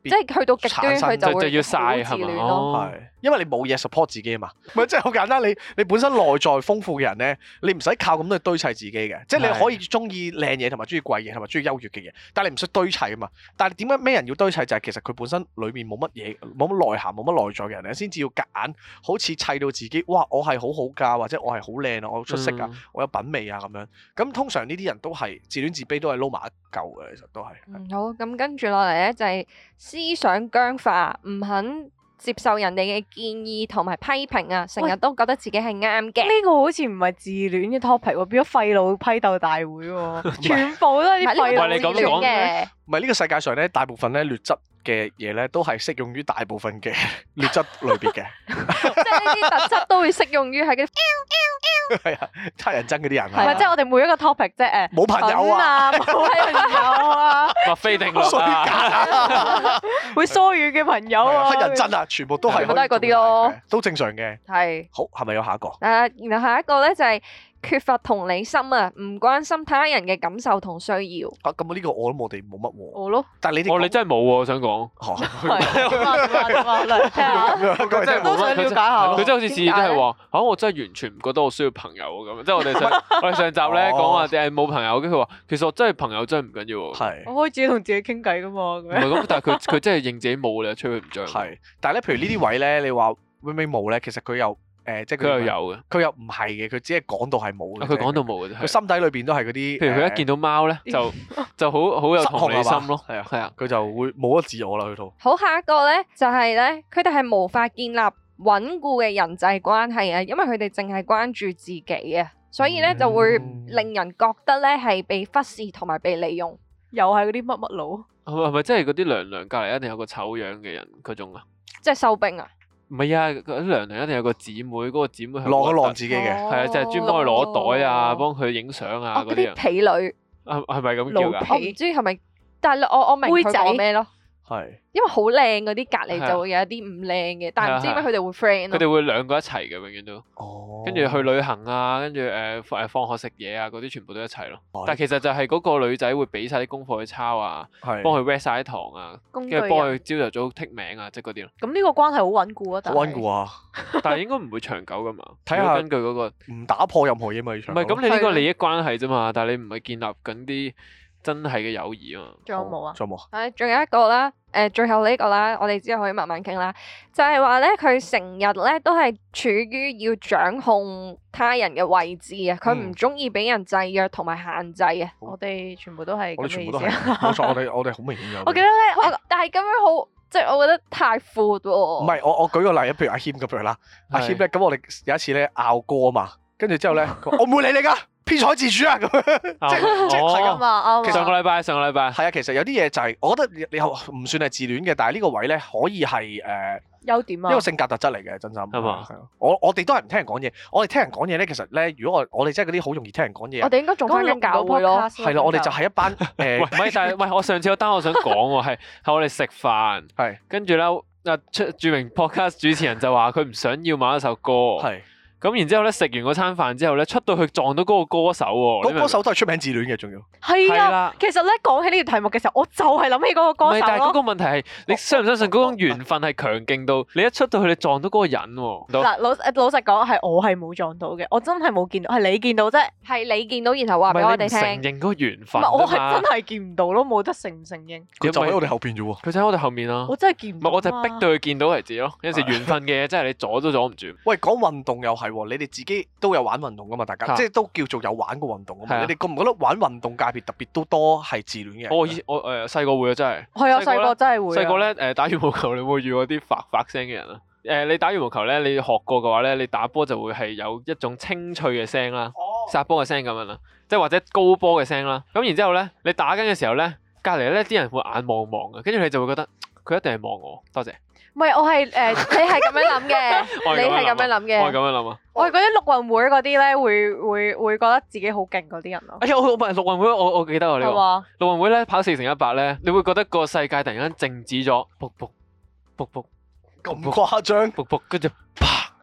即係去到極端，就，就，就要晒戀咯。係，因為你冇嘢 support 自己啊嘛。唔係，即係好簡單。你你本身內在豐富嘅人咧，你唔使靠咁多去堆砌自己嘅。即係你可以中意靚嘢，同埋中意貴嘢，同埋中意優越嘅嘢。但係你唔識堆砌啊嘛。但係點解咩人要堆砌？就係其實佢本身裏面冇乜嘢，冇乜內涵，冇乜內在嘅人咧，先至要夾硬，好似砌到自己。哇！我係好好噶，或者我係好靚啊，我出色啊，嗯、我有品味啊，咁樣。咁通常呢啲人都係自戀自卑，都係撈埋。夠嘅，其實都係。嗯，好，咁跟住落嚟咧就係思想僵化，唔肯接受人哋嘅建議同埋批評啊，成日都覺得自己係啱嘅。呢喂個好似唔係自戀嘅 topic 喎，變咗廢老批鬥大會喎， 是全部都係啲廢老先嘅。 唔係呢個世界上咧，大部分咧劣質嘅嘢咧，都係適用於大部分嘅劣質類別嘅，即係呢啲特質都會適用於係嘅。係啊，黑人憎嗰啲人啊。唔係，即係我哋每一個 topic 啫，誒，冇朋友啊，冇朋友啊，非定啦，會疏遠嘅朋友，黑人憎啊，全部都係，我都係嗰啲咯，都正常嘅，係。好，係咪有下一個？誒，然後下一個咧就係。缺乏同理心啊，唔關心他人嘅感受同需要。啊，咁啊呢個我都我哋冇乜喎。我咯，但係你哦，你真係冇喎，想講吓。咁啊，咁啊，嚟聽下。我都想了解下。佢真係好似字面都係話，啊，我真係完全唔覺得我需要朋友咁。即係我哋上我哋上集咧講話淨係冇朋友嘅。佢話其實我真係朋友真係唔緊要。係。我可以自己同自己傾偈噶嘛。唔係咁，但係佢佢真係認自己冇咧，吹佢唔將。係。但係咧，譬如呢啲位咧，你話會唔會冇咧？其實佢又。誒，即係佢又有嘅，佢又唔係嘅，佢只係講到係冇嘅。啊，佢講到冇嘅，佢心底裏邊都係嗰啲。譬如佢一見到貓咧，就就好好有同理心咯。係啊，係啊，佢就會冇咗自我啦，佢套。好，下一個咧就係咧，佢哋係無法建立穩固嘅人際關係啊，因為佢哋淨係關注自己啊，所以咧就會令人覺得咧係被忽視同埋被利用，又係嗰啲乜乜佬。係咪即係嗰啲娘娘隔籬一定有個醜樣嘅人嗰種啊？即係收兵啊！唔係啊，嗰啲娘娘一定有個姊妹，嗰個姊妹係去一攞自己嘅，係啊、哦，就係、是、專門幫佢攞袋啊，幫佢影相啊，嗰啲婢女，係係咪咁叫噶？婢皮，唔知係咪，但係我我明佢講咩咯。係，因為好靚嗰啲隔籬就會有一啲唔靚嘅，但係唔知點解佢哋會 friend，佢哋會兩個一齊嘅，永遠都。哦。跟住去旅行啊，跟住誒誒放學食嘢啊，嗰啲全部都一齊咯。但係其實就係嗰個女仔會俾晒啲功課去抄啊，幫佢 read 晒啲堂啊，跟住幫佢朝頭早剔名啊，即係嗰啲咯。咁呢個關係好穩固啊？好穩固啊，但係應該唔會長久噶嘛。睇下根據嗰個唔打破任何嘢咪長。唔係，咁你呢個利益關係啫嘛，但係你唔係建立緊啲。真係嘅友誼啊！仲有冇啊？仲有，有、啊，唉，仲有一個啦，誒，最後呢、這個啦，我哋之後可以慢慢傾啦。就係話咧，佢成日咧都係處於要掌控他人嘅位置啊，佢唔中意俾人制約同埋限制啊。嗯、我哋全部都係，冇錯， 我哋我哋好明顯有。我記 得咧， 但係咁樣好，即、就、係、是、我覺得太闊喎。唔係，我我舉個例譬如阿謙咁樣啦，阿謙咧，咁是、啊、我哋有一次咧拗過啊嘛，跟住之後咧，我唔會理你噶。 偏采自主啊，咁樣即係，係啊，其實上個禮拜，上個禮拜係啊，其實有啲嘢就係，我覺得你你唔算係自戀嘅，但係呢個位咧可以係誒優點啊，呢個性格特質嚟嘅，真心係嘛，我我哋都係唔聽人講嘢，我哋聽人講嘢咧，其實咧，如果我我哋真係嗰啲好容易聽人講嘢，我哋應該仲翻啲教會咯，係啦，我哋就係一班誒，唔係，但係喂，我上次有單我想講，係，係我哋食飯，係跟住咧啊著名 podcast 主持人就話佢唔想要某一首歌，係。咁然之後咧，食完嗰餐飯之後咧，出到去撞到嗰個歌手喎。嗰歌手都係出名自戀嘅，仲要係啊。其實咧，講起呢條題目嘅時候，我就係諗起嗰個歌手咯。唔係，但係嗰個問題係，你相唔相信嗰種緣分係強勁到你一出到去你撞到嗰個人？嗱，老老實講，係我係冇撞到嘅，我真係冇見到，係你見到啫，係你見到然後話俾我哋聽。承認嗰個緣分。我係真係見唔到咯，冇得承唔承認。就喺我哋後邊啫喎，佢就喺我哋後面啊。我真係見唔到。唔係，我就係逼到佢見到為止咯。有陣時緣分嘅嘢真係你阻都阻唔住。喂，講運動又係。你哋自己都有玩運動噶嘛？大家、啊、即係都叫做有玩過運動噶嘛？啊、你哋覺唔覺得玩運動界別特別都多係自戀嘅？我以我誒細個會啊，真係係啊，細個真係會。細個咧誒打羽毛球，你會遇過啲發發聲嘅人啦。誒、呃、你打羽毛球咧，你學過嘅話咧，你打波就會係有一種清脆嘅聲啦，哦、殺波嘅聲咁樣啦，即係或者高波嘅聲啦。咁然之後咧，你打緊嘅時候咧，隔離咧啲人會眼望望嘅，跟住你就會覺得佢一定係望我。多謝。唔係，我係誒、呃，你係咁樣諗嘅， 你係咁樣諗嘅，我係咁樣諗啊，我係覺得陸運會嗰啲咧，會會會覺得自己好勁嗰啲人咯、哎。我唔係陸運會，我我記得我你話。嗎陸運會咧跑四乘一百咧，你會覺得個世界突然間靜止咗，卜卜卜卜咁誇張，卜卜跟住。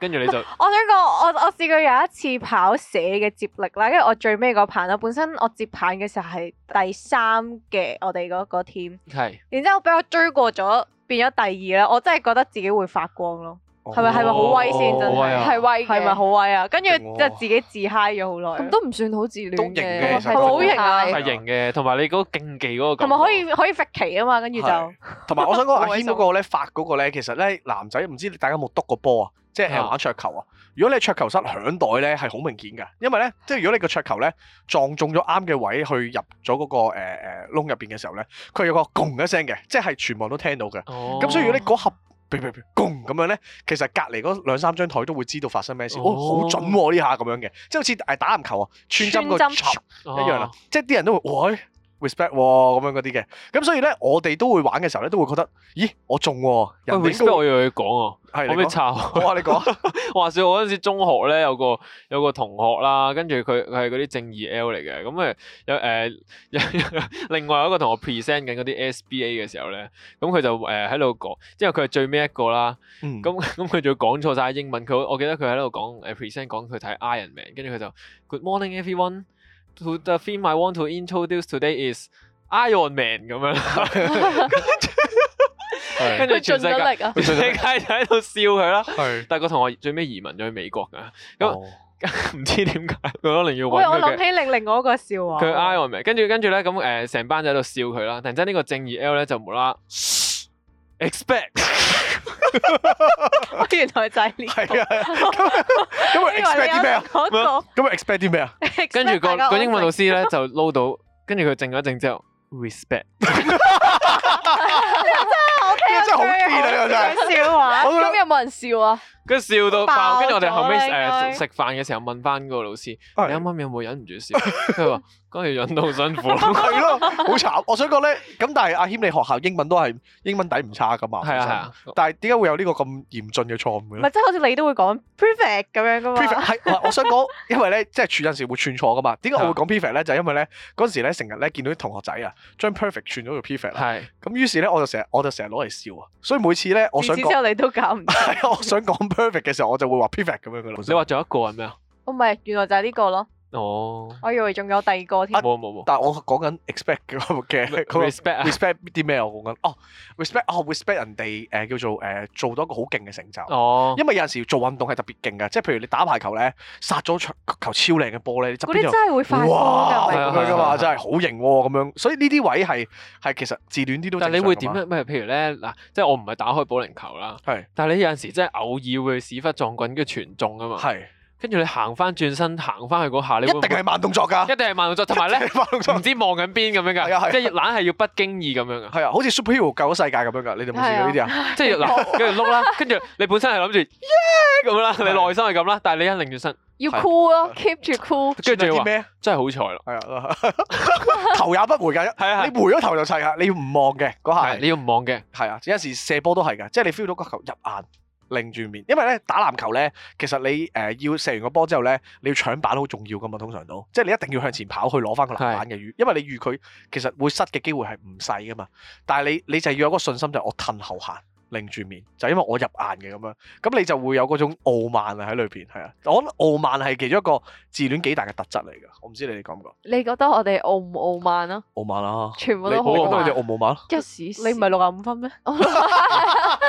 跟住你就，我想、這、講、個，我我試過有一次跑社嘅接力啦，因為我最尾嗰棒啦，本身我接棒嘅時候係第三嘅，我哋嗰、那個 team，係，是然之後俾我追過咗，變咗第二啦，我真係覺得自己會發光咯。係咪係咪好威先？真係，係威，係咪好威啊？跟住即係自己自嗨咗好耐。咁 都唔算好自戀嘅，係好型啊！係型嘅，同埋你嗰個競技嗰個，同埋可以可以復棋啊嘛！跟住就同埋我想講阿 Him 嗰個咧，發嗰個咧，其實咧男仔唔知大家有冇篤過波啊？即係玩桌球啊！Yeah. 如果你係桌球室響袋咧，係好明顯嘅，因為咧，即係如果你個桌球咧撞中咗啱嘅位去入咗嗰、那個誒窿入邊嘅時候咧，佢有個轟一聲嘅，即係全部都聽到嘅。咁、oh. 嗯、所以如果你嗰盒。砰砰砰，拱咁樣咧，其實隔離嗰兩三張枱都會知道發生咩事，好、哦哦、準喎呢下咁樣嘅，即好似打籃球啊，穿針個針一樣啊，哦、即係啲人都會。喂 respect 喎，咁樣嗰啲嘅，咁所以咧，我哋都會玩嘅時候咧，都會覺得，咦，我中喎，人哋高，我要講啊，係，我俾抄，我話你講，話說我嗰陣時中學咧，有個有個同學啦，跟住佢佢係嗰啲正義 L 嚟嘅，咁誒有誒有另外一個同學 present 緊嗰啲 SBA 嘅時候咧，咁佢就誒喺度講，因為佢係最尾一個啦，咁咁佢仲講錯晒英文，佢我記得佢喺度講 present，講佢睇 Iron Man，跟住佢就 Good morning everyone。to the theme I want to introduce today is Iron Man 咁樣，跟住全世界就喺度笑佢啦。 但係個同學最尾移民咗去美國㗎，咁唔、哦、那 知點解佢可能要揾、哎、我諗起另另外一個笑話，佢 Iron Man，跟住跟住咧咁誒，成班就喺度笑佢啦。突然之間呢個正義 L 咧就冇啦。Expect， 原來就係呢、呢個。咁咪 expect 啲咩啊？咁咪 expect 啲咩啊？跟住個個英文老師咧就撈到，跟住佢靜咗一靜之後，respect 真。真係好聽，真係好變啊！呢個 真係講笑話，咁 有冇人笑啊？跟住笑到爆，跟住我哋後尾誒食飯嘅時候問翻個老師，你啱啱有冇忍唔住笑？佢話：嗰陣忍到好辛苦，係咯，好慘。我想講咧，咁但係阿謙，你學校英文都係英文底唔差噶嘛？係啊係啊，但係點解會有呢個咁嚴峻嘅錯誤嘅咧？唔係，即係好似你都會講 perfect 咁樣噶嘛？perfect 我想講，因為咧即係有陣時會串錯噶嘛。點解我會講 perfect 咧？就因為咧嗰陣時咧成日咧見到啲同學仔啊，將 perfect 串咗做 perfect 啦。咁於是咧我就成日我就成日攞嚟笑啊。所以每次咧我想之後你都搞唔到，我想講。perfect 嘅時候我就會話 perfect 咁樣噶啦。你話仲有一個係咩啊？哦，唔係，原來就係呢個咯。哦，oh, 我以為仲有第二個添。冇冇冇，但係我講緊 expect 嘅 game。 respect r e s p e c t 啲咩？我講緊哦、oh，respect 哦、oh, r e s p e c t 人哋誒、呃、叫做誒、呃、做到一個好勁嘅成就。哦，oh，因為有陣時做運動係特別勁嘅，即係譬如你打排球咧，殺咗場球超靚嘅波咧，嗰啲真係會發光㗎嘛，真係好型咁樣。所以呢啲位係係其實自戀啲都。但係你會點樣？咩？譬如咧嗱，即係我唔係打開保齡球啦。係的。但係你有陣時真係偶爾會屎忽撞棍跟住全中啊嘛。係。跟住你行翻轉身，行翻去嗰下，你一定係慢動作噶，一定係慢動作，同埋咧，慢動作唔知望緊邊咁樣噶，即係懶係要不經意咁樣噶，係啊，好似 Superhero 救咗世界咁樣噶，你哋有冇試過呢啲啊？即係嗱，跟住碌啦，跟住你本身係諗住咁啦，你內心係咁啦，但係你一擰轉身，要 cool 咯，keep 住 cool，跟住仲有咩？真係好彩咯，係啊，頭也不回噶，係啊你回咗頭就晒噶，你要唔望嘅嗰下，你要唔望嘅，係啊，有時射波都係嘅，即係你 feel 到個球入眼。擰住面，因為咧打籃球咧，其實你誒要、呃、射完個波之後咧，你要搶板好重要噶嘛，通常都即係你一定要向前跑去攞翻個籃板嘅。預是的 因為你預佢其實會失嘅機會係唔細噶嘛，但係你你就要有個信心就，就係我褪後行，擰住面，就是、因為我入眼嘅咁樣，咁你就會有嗰種傲慢啊喺裏邊，係啊，我覺得傲慢係其中一個自戀幾大嘅特質嚟噶，我唔知你哋講唔講？你覺得我哋傲唔傲慢啊？傲慢啦，全部都好傲。你覺得我哋傲唔傲慢？一時你唔係六十五分咩？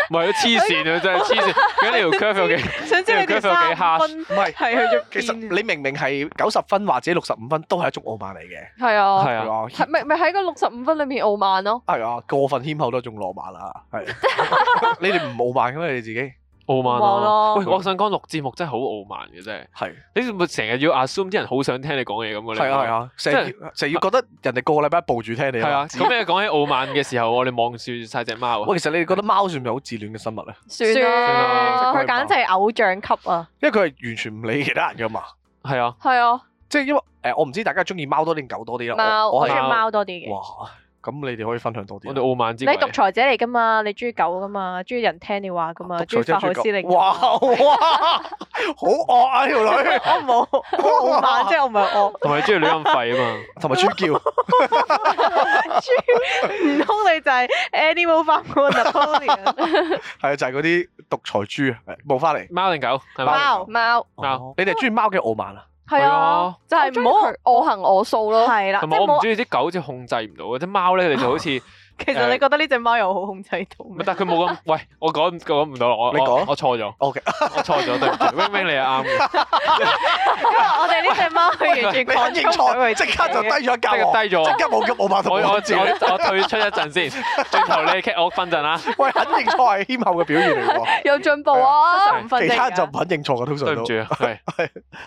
唔係好黐線啊！真係黐線，嗰條 curve 幾，想知佢啲分唔係係去其邊？其實你明明係九十分或者六十五分，都係一種傲慢嚟嘅。係啊，係啊是，係咪咪喺個六十五分裏面傲慢咯，啊？係啊，過分謙厚都係一種傲慢啊！係，你哋唔傲慢咩，你哋自己？傲慢咯！喂，我想講錄節目真係好傲慢嘅，真係，係你咪成日要 assume 啲人好想聽你講嘢咁嘅，係啊，成日成日要覺得人哋個個禮拜抱住聽你，係啊。咁你講起傲慢嘅時候，我哋望住晒隻貓。喂，其實你哋覺得貓算唔算好自戀嘅生物咧？算啊，佢簡直係偶像級啊！因為佢係完全唔理其他人噶嘛。係啊，係啊。即係因為誒，我唔知大家中意貓多定狗多啲啦。貓，我中意貓多啲嘅。咁你哋可以分享多啲。我哋傲慢之你獨裁者嚟噶嘛？你中意狗噶嘛？中意人聽你話噶嘛？中意發號施令。哇！哇！好惡啊條女。我唔好，好傲慢，即係我唔係惡。同埋你中意女人吠啊嘛，同埋專叫。豬，唔通你就係 Animal Farm 嘅 Napoleon。係啊，就係嗰啲獨裁豬啊，冇翻嚟。貓定狗？貓貓貓，你哋中意貓嘅傲慢啊？係啊，就係唔好我行我素咯。係啦、啊，同埋我唔中意啲狗，好似控制唔到，啲貓咧，佢哋呢就好似。 其實你覺得呢隻貓又好控制到？但係佢冇咁，喂，我講講唔到，我你講，我錯咗，O K，我錯咗，對 Wing 你係啱嘅。我哋呢隻貓佢完全肯認錯，即刻就低咗一格，低咗，即刻冇冇麥同冇我退出一陣先，轉頭你我瞓陣啊。喂，肯認錯係謙厚嘅表現嚟，有進步啊，其他就唔肯認錯嘅，通常都對唔住，係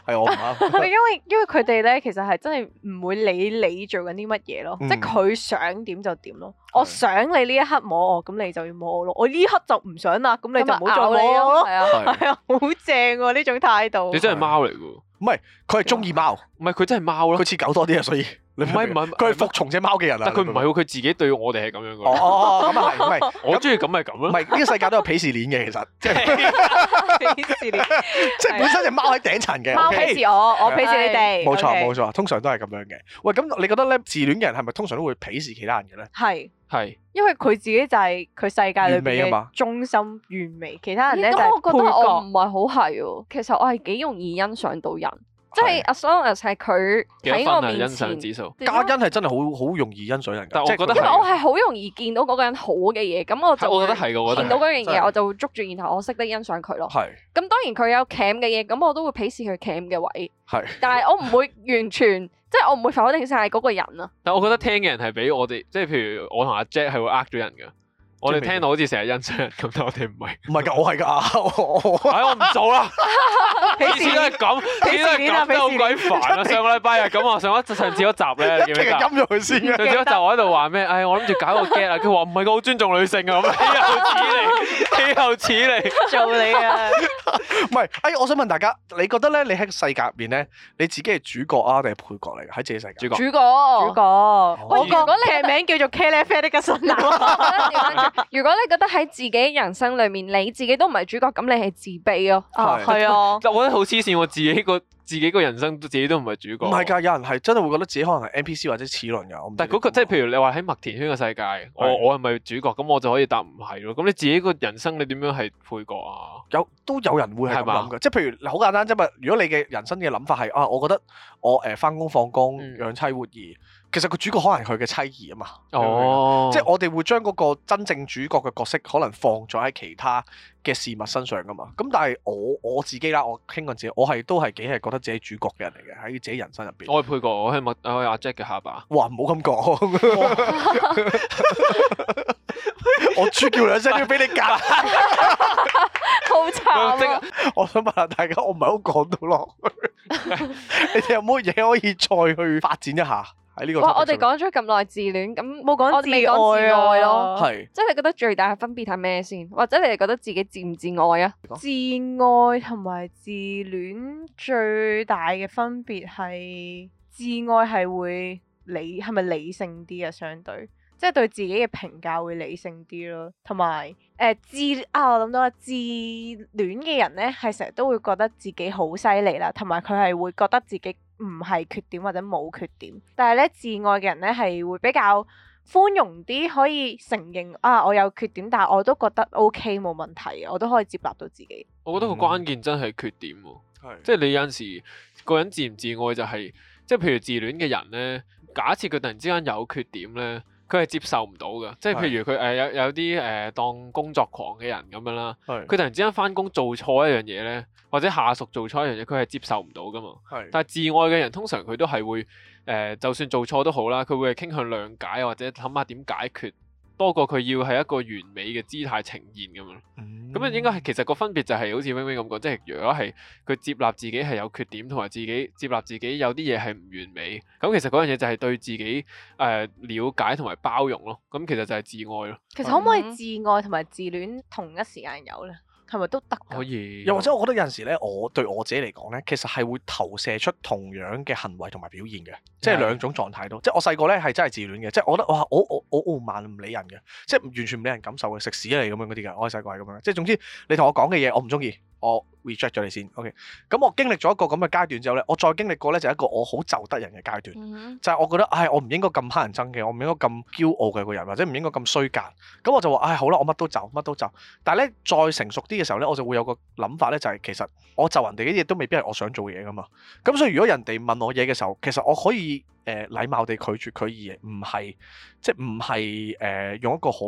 係我唔啱。因為因為佢哋咧，其實係真係唔會理你做緊啲乜嘢咯，即係佢想點就點咯。我想你呢一刻摸我，咁你就要摸我咯。我呢刻就唔想啦，咁你就唔好再摸我咯。係啊，係 是啊，好正喎呢種態度。你真係貓嚟㗎？唔係，佢係中意貓。唔係，佢真係貓咯。佢似狗多啲啊，所以。唔係唔係，佢係服從隻貓嘅人啊！但佢唔係佢自己對我哋係咁樣嘅。哦哦，咁啊係，唔係我中意咁係咁咯。唔係呢個世界都有鄙視鏈嘅，其實即係鄙視即係本身隻貓喺頂層嘅。貓鄙視我，我鄙視你哋。冇錯冇錯，通常都係咁樣嘅。喂，咁你覺得咧，自戀人係咪通常都會鄙視其他人嘅咧？係係，因為佢自己就係佢世界裏邊嘅中心完美，其他人咧，我覺得我唔係好係，其實我係幾容易欣賞到人。即係 as long as 係佢喺我面前，嘉欣係樣真係好好容易欣賞人，但我覺得，因為我係好容易見到嗰個人好嘅嘢，咁我就，我得就見到嗰樣嘢，我，我，是我就會捉住，然後我識得欣賞佢咯。係是。咁當然佢有 c 欠嘅嘢，咁我都會鄙視佢 c 欠嘅位。係是。但係我唔會完全，即係 我唔會否定晒嗰個人啊。但我覺得聽嘅人係比我哋，即、就、係、是、譬如我同阿 Jack 係會呃咗人㗎。我哋聽到好似成日陰差，但我哋唔係，唔係㗎，我係㗎，我，唉，我唔做啦，起始都係咁，起都係咁，好鬼煩啊！上個禮拜又咁話，上一上次嗰集咧，點解陰入去先？上次嗰集我喺度話咩？唉，我諗住搞個 get 啊！佢話唔係個好尊重女性啊，咁，豈有此理，豈有此理，做你啊！唔係，唉，我想問大家，你覺得咧？你喺世界入面咧，你自己係主角啊，定係配角嚟㗎？喺自己世界，主角，主角，主角，我覺得你嘅名叫做《Careless 如果你覺得喺自己人生裏面，你自己都唔係主角，咁你係自卑咯。啊，係啊，就我覺得好黐線，我自己個自己個人生自己都唔係主角。唔係噶，有人係真係會覺得自己可能係 NPC 或者齒輪噶。但係，嗰個這樣 即係譬如你話喺麥田圈嘅世界，是的 我我係咪主角，咁我就可以答唔係咯。咁你自己個人生你點樣係配角啊？有都有人會係咁諗噶，即係吧譬如好簡單啫嘛。如果你嘅人生嘅諗法係啊，我覺得我誒翻工放工養妻活兒。其實個主角可能係佢嘅妻兒啊嘛，哦、oh.，即、就、係、是、我哋會將嗰個真正主角嘅角色可能放咗喺其他嘅事物身上噶嘛。咁但係我我自己啦，我傾緊自己，我係都係幾係覺得自己主角嘅人嚟嘅，喺自己人生入邊。我係配角，我係阿阿 Jack 嘅下巴。哇，唔好咁講， oh. 我豬叫兩聲要俾你夾，好 慘 啊我！我想問下大家，我唔係好講到落去， 你哋有冇嘢可以再去發展一下？哇！我哋講咗咁耐自戀，咁冇講我未講自愛咯。係，即係你覺得最大嘅分別係咩先？或者你哋覺得自己自唔自愛啊？自愛同埋自戀最大嘅分別係自愛係會理係咪理性啲啊？相對即係對自己嘅評價會理性啲咯。同埋誒自啊，我諗到啊，自戀嘅人咧係成日都會覺得自己好犀利啦，同埋佢係會覺得自己。唔係缺點或者冇缺點，但係咧自愛嘅人咧係會比較寬容啲，可以承認啊我有缺點，但係我都覺得 OK 冇問題嘅，我都可以接納到自己。我覺得個關鍵真係缺點喎、啊，嗯、即係你有陣時個人自唔自愛就係、是、即係譬如自戀嘅人咧，假設佢突然之間有缺點咧。佢係接受唔到㗎，即係譬如佢誒有有啲誒、呃、當工作狂嘅人咁樣啦，佢是的 突然之間返工做錯一樣嘢咧，或者下屬做錯一樣嘢，佢係接受唔到㗎嘛。是的 但係自愛嘅人通常佢都係會誒、呃，就算做錯都好啦，佢會係傾向諒解或者諗下點解決。多過佢要係一個完美嘅姿態呈現咁樣，咁啊、嗯、應該係其實個分別就係好似 Wing Wing 咁講，即係、就是、如果係佢接納自己係有缺點，同埋自己接納自己有啲嘢係唔完美，咁其實嗰樣嘢就係對自己誒、呃、了解同埋包容咯，咁其實就係自愛咯。其實可唔可以自愛同埋自戀同一時間有咧？嗯嗯係咪都得？可以，可以又或者，我覺得有陣時咧，我對我自己嚟講咧，其實係會投射出同樣嘅行為同埋表現嘅，即係兩種狀態都。Yeah. 即係我細個咧係真係自戀嘅，即係我覺得哇，我好我傲慢唔理人嘅，即係完全唔理人感受嘅，食屎嚟咁樣嗰啲嘅。我喺細個係咁樣，即係總之你同我講嘅嘢我唔中意。我 reject 咗你先，OK？咁我經歷咗一個咁嘅階段之後呢，我再經歷過呢就一個我好就得人嘅階段，mm hmm. 就係我覺得，唉、哎，我唔應該咁乞人憎嘅，我唔應該咁驕傲嘅個人，或者唔應該咁衰格。咁我就話，唉、哎，好啦，我乜都就，乜都就。但係呢，再成熟啲嘅時候呢，我就會有個諗法呢、就是，就係其實我就人哋嘅嘢都未必係我想做嘢噶嘛。咁所以如果人哋問我嘢嘅時候，其實我可以誒禮、呃、貌地拒絕佢而唔係即係唔係誒用一個好。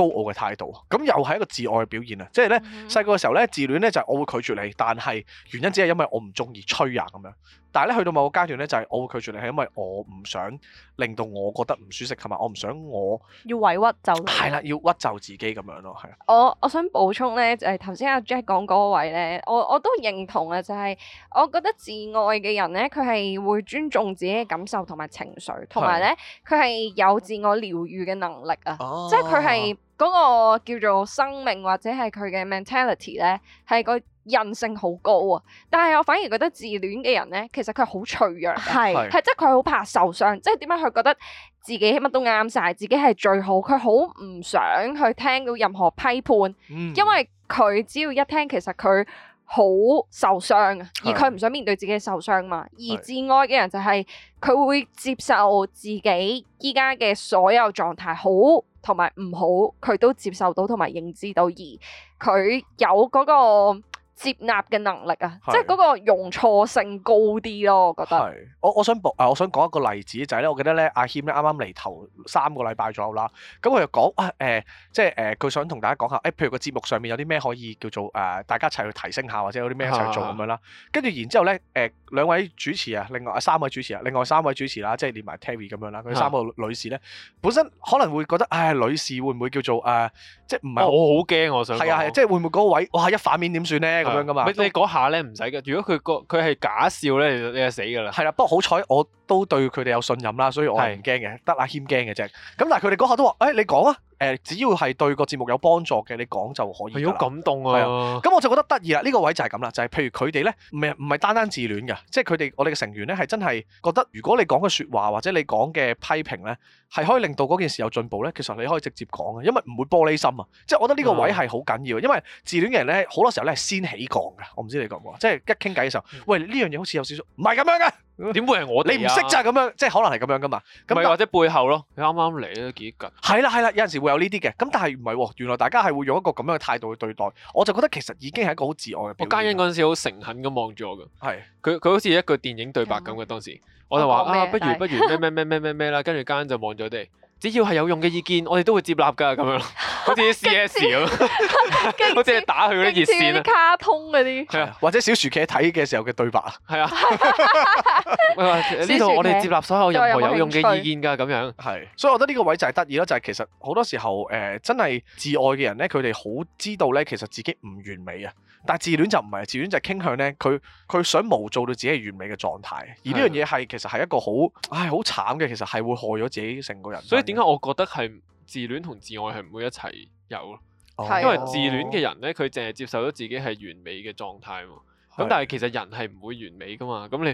高傲嘅態度啊，咁又係一個自愛嘅表現啊，即係咧細個嘅時候咧，自戀咧就係我會拒絕你，但係原因只係因為我唔中意吹啊咁樣。但係咧去到某個階段咧，就係我會拒絕你係因為我唔想令到我覺得唔舒適，係咪？我唔想我要委屈就係啦，要屈就自己咁樣咯，係啊。我我想補充咧，就係頭先阿 Jack 講嗰位咧，我我都認同啊，就係我覺得自愛嘅人咧，佢係會尊重自己嘅感受同埋情緒，同埋咧佢係有自我療愈嘅能力啊，的哦、即係佢係。嗰個叫做生命或者係佢嘅 mentality 咧，係個韌性好高啊！但係我反而覺得自戀嘅人咧，其實佢好脆弱，係係即係佢好怕受傷，即係點解佢覺得自己乜都啱晒，自己係最好，佢好唔想去聽到任何批判，嗯、因為佢只要一聽，其實佢好受傷啊，而佢唔想面對自己受傷嘛。是而自愛嘅人就係、是、佢會接受自己依家嘅所有狀態，好。同埋唔好，佢都接受到同埋認知到，而佢有嗰個接納嘅能力啊，是即係嗰個容錯性高啲咯，我覺得。係。我我想誒，我想講一個例子就係咧，我記得咧，阿謙咧啱啱嚟頭三個禮拜左右啦，咁佢就講啊誒、呃，即係誒，佢、呃呃、想同大家講下誒，譬如個節目上面有啲咩可以叫做誒、呃，大家一齊去提升下，或者有啲咩一齊做咁是、啊、樣啦。跟住然之後咧，誒、呃、兩位主持啊，另外啊三位主持啊，另外三位主持啦，即係連埋 Terry 咁樣啦，佢三個女士咧，是啊、本身可能會覺得誒、哎呃，女士會唔會叫做誒、呃，即係唔係我好驚我想講。係啊係啊，即係會唔會嗰位哇一反面點算咧？你嗰下咧唔使嘅，如果佢個佢係假笑咧，你就死㗎喇。不過好彩我都對佢哋有信任啦，所以我係唔驚嘅。得的阿謙驚嘅啫。咁、嗯、但係佢哋嗰下都話，誒、欸，你講啊！誒，只要係對個節目有幫助嘅，你講就可以。係好感動啊，啊！咁我就覺得得意啦。呢個位就係咁啦，就係譬如佢哋咧，唔係唔係單單自戀嘅，即係佢哋我哋嘅成員咧，係真係覺得如果你講嘅説話或者你講嘅批評咧，係可以令到嗰件事有進步咧，其實你可以直接講嘅，因為唔會玻璃心啊。即係我覺得呢個位係好緊要，嗯、因為自戀嘅人咧好多時候咧先起講嘅。我唔知你覺唔覺，即係一傾偈嘅時候，嗯、喂呢樣嘢好似有少少唔係咁樣嘅。點會係我，啊？你唔識咋，咁樣，即係可能係咁樣噶嘛？唔係或者背後咯？啱啱嚟都幾近。係啦係啦，有陣時會有呢啲嘅。咁但係唔係喎？原來大家係會用一個咁樣嘅態度去對待。我就覺得其實已經係一個好自愛嘅人。我嘉欣嗰陣時好誠懇咁望住我噶。係佢佢好似一句電影對白咁嘅，當時，我就話啊，但 不如不如咩咩咩咩咩咩啦，跟住嘉欣就望咗啲。.只要係有用嘅意見，我哋都會接納㗎，咁樣，好似 C.S. 咁，好似係打佢啲熱線卡通嗰啲，係啊 或者小薯茄睇嘅時候嘅對白啊，啊，呢度我哋接納所有任何有用嘅意見㗎，咁 樣，係，所以我覺得呢個位就係得意咯，就係、是、其實好多時候誒、呃，真係自愛嘅人咧，佢哋好知道咧，其實自己唔完美啊，但係自戀就唔係，自戀就係傾向咧，佢佢想無做到自己係完美嘅狀態，而呢樣嘢係其實係一個好唉好慘嘅，其實係會害咗自己成個人。點解我覺得係自戀同自愛係唔會一齊有咯？Oh. 因為自戀嘅人咧，佢淨係接受到自己係完美嘅狀態嘛。咁但係其實人係唔會完美㗎嘛，咁你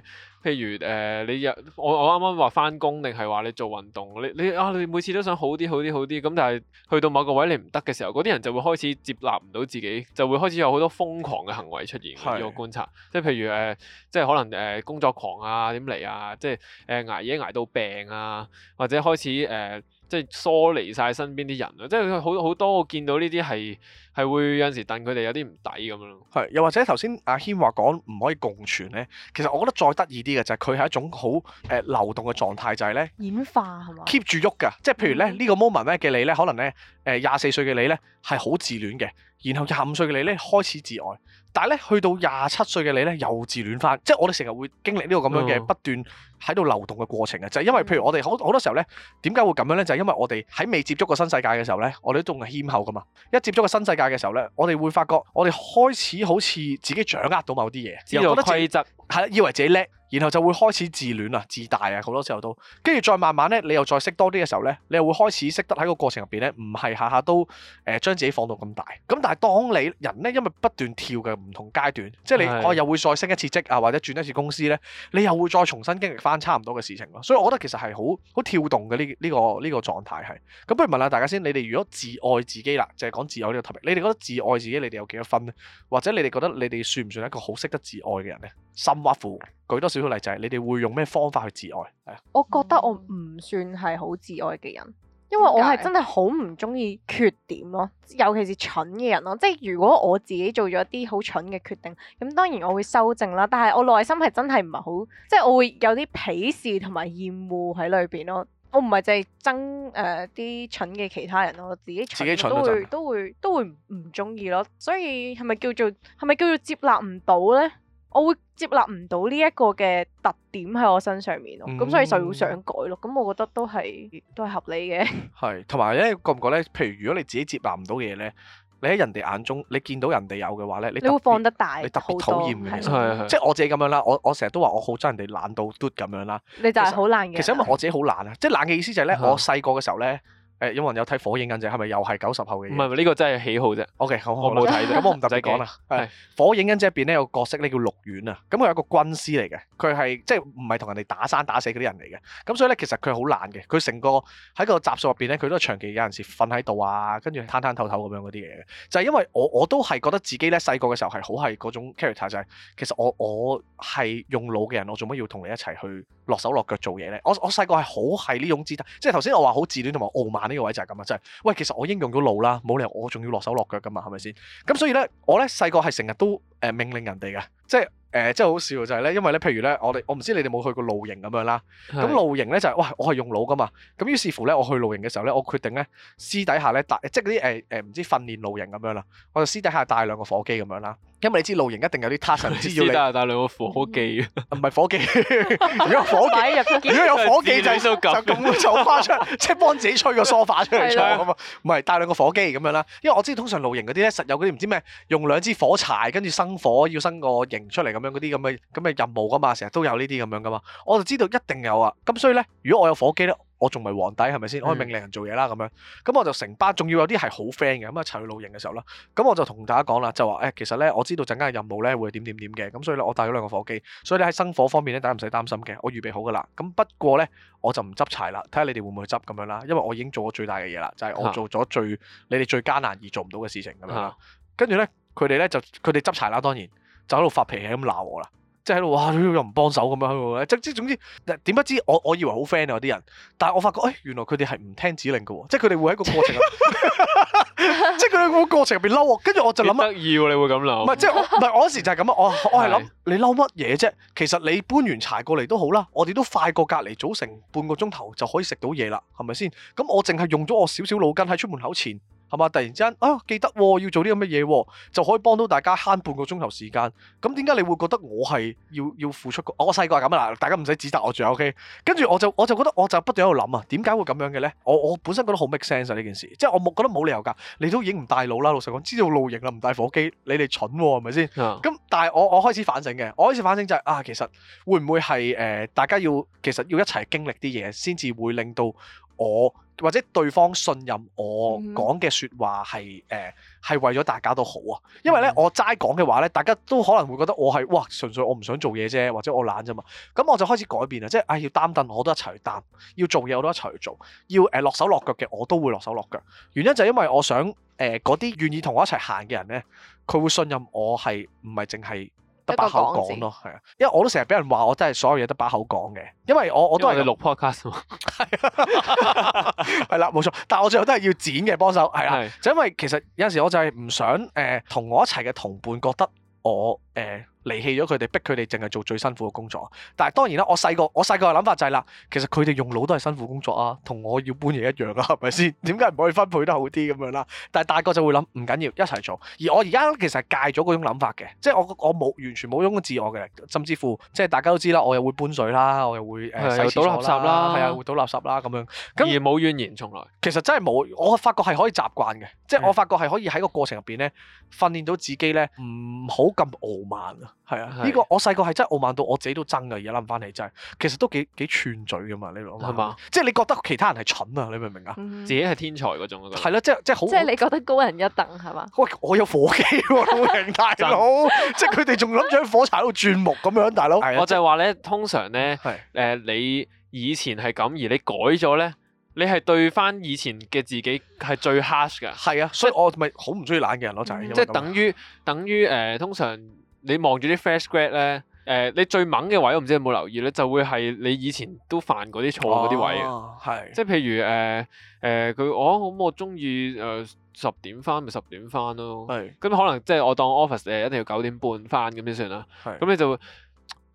譬如誒、呃、你日我我啱啱話返工定係話你做運動，你你啊你每次都想好啲好啲好啲，咁但係去到某個位你唔得嘅時候，嗰啲人就會開始接納唔到自己，就會開始有好多瘋狂嘅行為出現。我是觀察，即係譬如誒、呃，即係可能誒、呃、工作狂啊點嚟啊，即係誒捱夜捱到病啊，或者開始誒。呃即係疏離晒身邊啲人咯，即係好好多我見到呢啲係係會有陣時戥佢哋有啲唔抵咁樣咯。係又或者頭先阿 Him 話講唔可以共存咧，其實我覺得再得意啲嘅就係佢係一種好誒、呃、流動嘅狀態，就係咧演化係嘛 keep 住喐㗎。即係譬如咧呢、這個 moment 咧嘅你咧，可能咧誒廿四歲嘅你咧係好自戀嘅，然後廿五歲嘅你咧開始自愛，但係咧去到廿七歲嘅你咧又自戀返。即係我哋成日會經歷呢個咁樣嘅不斷。嗯喺度流動嘅過程就係因為譬如我哋好多時候呢，點解會咁樣呢？就係因為我哋喺未接觸過新世界嘅時候呢，我哋都仲係欠後㗎嘛。一接觸個新世界嘅時候呢，我哋會發覺我哋開始好似自己掌握到某啲嘢，知道規則。係，以為自己叻，然後就會開始自戀啊、自大啊，好多時候都，跟住再慢慢咧，你又再識多啲嘅時候咧，你又會開始識得喺個過程入邊咧，唔係下下都誒、呃、將自己放到咁大。咁但係當你人咧，因為不斷跳嘅唔同階段，即係你我、哎、又會再升一次職啊，或者轉一次公司咧，你又會再重新經歷翻差唔多嘅事情咯。所以我覺得其實係好好跳動嘅呢呢個呢、呢個狀態係。咁不如問，問下大家先，你哋如果自愛自己啦，就係、係、講自我呢個 topic，你哋覺得自愛自己，你哋有幾多分呢？或者你哋覺得你哋算唔算一個好識得自愛嘅人呢？咁舉多少少例子，你哋會用咩方法去自愛？我覺得我唔算係好自愛嘅人，因為我係真係好唔中意缺點咯，尤其是蠢嘅人咯。即係如果我自己做咗啲好蠢嘅決定，咁當然我會修正啦。但係我內心係真係唔係好，即係我會有啲鄙視同埋厭惡喺裏邊咯。我唔係淨係憎誒啲蠢嘅其他人咯，我自己蠢都會蠢蠢都會都會唔中意咯。所以係咪叫做係咪叫做接納唔到呢？我會接納唔到呢一個嘅特點喺我身上面咯，咁、嗯、所以就會想改咯。咁我覺得都係都係合理嘅。係同埋咧，覺唔覺咧？譬如如果你自己接納唔到嘅嘢咧，你喺人哋眼中，你見到人哋有嘅話咧，你都會放得大，你特別討厭嘅嘢，係即係我自己咁樣啦。我我成日都話我好憎人哋懶到嘟咁樣啦。你就係好懶嘅。其實因為我自己好懶啊，即係懶嘅意思就係咧，嗯、我細個嘅時候咧。誒、哎，有冇人有睇《火影忍者》是是是？係咪又係九十後嘅？唔係，呢個真係喜好啫。OK，好，好好我冇睇。咁 我唔特別講啦。係《是火影忍者》入邊咧，有個角色咧叫鹿丸啊。咁佢係一個軍師嚟嘅，佢係即係唔係同人哋打生打死嗰啲人嚟嘅。咁所以咧，其實佢好懶嘅。佢成個喺個集數入邊咧，佢都係長期有陣時瞓喺度啊，跟住攤攤透透咁樣嗰啲嘢。就係、是、因為我我都係覺得自己咧細個嘅時候係好係嗰種 character，就係其實我我係用腦嘅人，我做乜要同你一齊去落手落腳做嘢咧？我我細個係好係呢種姿態，即係頭先我話好自戀同埋傲慢。呢個位就係咁啊！即係喂，其實我已經用咗腦啦，冇理由我仲要落手落腳噶嘛，係咪先？咁、嗯、所以咧，我咧細個係成日都誒命令人哋嘅，即係誒，即係好笑就係咧，因為咧，譬如咧，我哋我唔知你哋冇去過露營咁樣啦，咁露營咧就係哇，我係用腦噶嘛，咁於是乎咧，我去露營嘅時候咧，我決定咧私底下咧帶即係嗰啲誒誒唔知訓練露營咁樣啦，我就私底下帶兩個火機咁樣啦，因為你知露營一定有啲 task，知唔知？知知，帶帶兩個火機，唔係火機，有火機如果有火機就就咁就攞翻出，即係幫自己吹個梳化出嚟坐咁啊，唔係帶兩個火機咁樣啦，因為我知通常露營嗰啲咧實有嗰啲唔知咩，用兩支火柴跟住生生火要生個型出嚟咁樣嗰啲咁嘅咁嘅任務噶嘛，成日都有呢啲咁樣噶嘛，我就知道一定有啊。咁所以呢，如果我有火機呢，我仲係皇帝係咪先？我命令人做嘢啦，咁樣。咁我就成班，仲要有啲係好 friend 嘅咁一齊去露營嘅時候啦。咁我就同大家講啦，就話誒、哎，其實怎樣怎樣怎樣，呢，我知道陣間嘅任務呢會點點點嘅。咁所以呢，我帶咗兩個火機，所以你喺生火方面呢，大家唔使擔心嘅，我預備好噶啦。咁不過呢，我就唔執柴啦，睇下你哋會唔會執咁樣啦。因為我已經做過最大嘅嘢啦，就係、是、我做咗最、啊、你哋最艱難而做唔到嘅事情咁樣。跟住呢。佢哋咧就佢哋執柴啦，當然就喺度發脾氣咁鬧我啦，即喺度哇又唔幫手咁樣喺度咧，即即總之點不知我我以為好 friend 啊啲人，但係我發覺誒、哎、原來佢哋係唔聽指令嘅喎，即係佢哋會喺一個過程入面， 即係佢喺個過程入邊嬲我，跟住我就諗，得意喎，你會咁諗？唔係即係唔係我嗰時就係咁啊，我我係諗 你嬲乜嘢啫？其實你搬完柴過嚟都好啦，我哋都快過隔離組成半個鐘頭就可以食到嘢啦，係咪先？咁我淨係用咗我少少腦筋喺出門口前。係嘛？突然之間啊，記得、哦、要做啲咁嘅嘢，就可以幫到大家慳半個鐘頭時間。咁點解你會覺得我係要要付出個？哦、我細個係咁啊，大家唔使指責我住。O K。跟住我就我就覺得我就不斷喺度諗啊，點解會咁樣嘅呢？我我本身覺得好 make sense 呢、啊、件事，即、就、係、是、我冇覺得冇理由噶。你都已經唔帶腦啦，老實講，知道露營啦，唔帶火機，你哋蠢係咪先？咁、嗯嗯、但係我我開始反省嘅，我開始反省就係、是、啊，其實會唔會係誒、呃、大家要其實要一齊經歷啲嘢，先至會令到。我或者對方信任我講嘅説話係誒係為咗大家都好啊，因為呢，我齋講嘅話呢，大家都可能會覺得我係哇純粹我唔想做嘢啫，或者我懶啫嘛。咁我就開始改變喇，即係啊、哎、要擔凳我都一齊去擔，要做嘢我都一齊去做，要誒落、呃、手落腳嘅我都會落手落腳。原因就係因為我想誒嗰啲願意同我一齊行嘅人呢，佢會信任我係唔係淨係得把口講咯。係啊，因為我都成日俾人話我真係所有嘢得把口講嘅，因為我我都係錄 podcast 嘛， 係啦，冇錯，但係我最後都係要剪嘅幫手，係啦，是就因為其實有陣時我就係唔想誒同、呃、我一齊嘅同伴覺得我誒。呃離棄咗佢哋，逼佢哋淨係做最辛苦嘅工作。但係當然啦，我細個我細個嘅諗法就係啦，其實佢哋用腦都係辛苦工作啊，同我要搬嘢一樣啊，係咪先？點解唔可以分配得好啲咁樣啦？但係大個就會諗唔緊要，一齊做。而我而家其實戒咗嗰種諗法嘅，即係我我冇完全冇種自我嘅，甚至乎即係大家都知啦，我又會搬水啦，我又會誒垃圾啦，係啊，倒垃圾啦咁樣，樣而冇怨言，從來其實真係冇，我發覺係可以習慣嘅，即係我發覺係可以喺個過程入邊咧訓練到自己咧唔好咁傲慢啊！係啊，呢個我細個係真傲慢到我自己都憎噶，而家諗翻起真係，其實都幾幾串嘴噶嘛，你諗係嘛？即係你覺得其他人係蠢啊？你明唔明啊？自己係天才嗰種啊？係咯，即係即係好，即係你覺得高人一等係嘛？喂，我有火機喎，吳廷大佬，即係佢哋仲諗住喺火柴度鑽木咁樣，大佬。我就係話咧，通常咧，誒，你以前係咁，而你改咗咧，你係對翻以前嘅自己係最 harsh 噶。係啊，所以我咪好唔中意懶嘅人咯，就係即係等於等於誒，通常。你望住啲 fresh grad 咧，呃，誒，你最猛嘅位，我唔知你有冇留意咧，就會係你以前都犯過啲錯嗰啲位啊，係，即係譬如誒誒，佢，我咁我中意誒十點返咪十點返咯，咁可能即係我當 office 誒一定要九點半返咁先算啦，咁是你就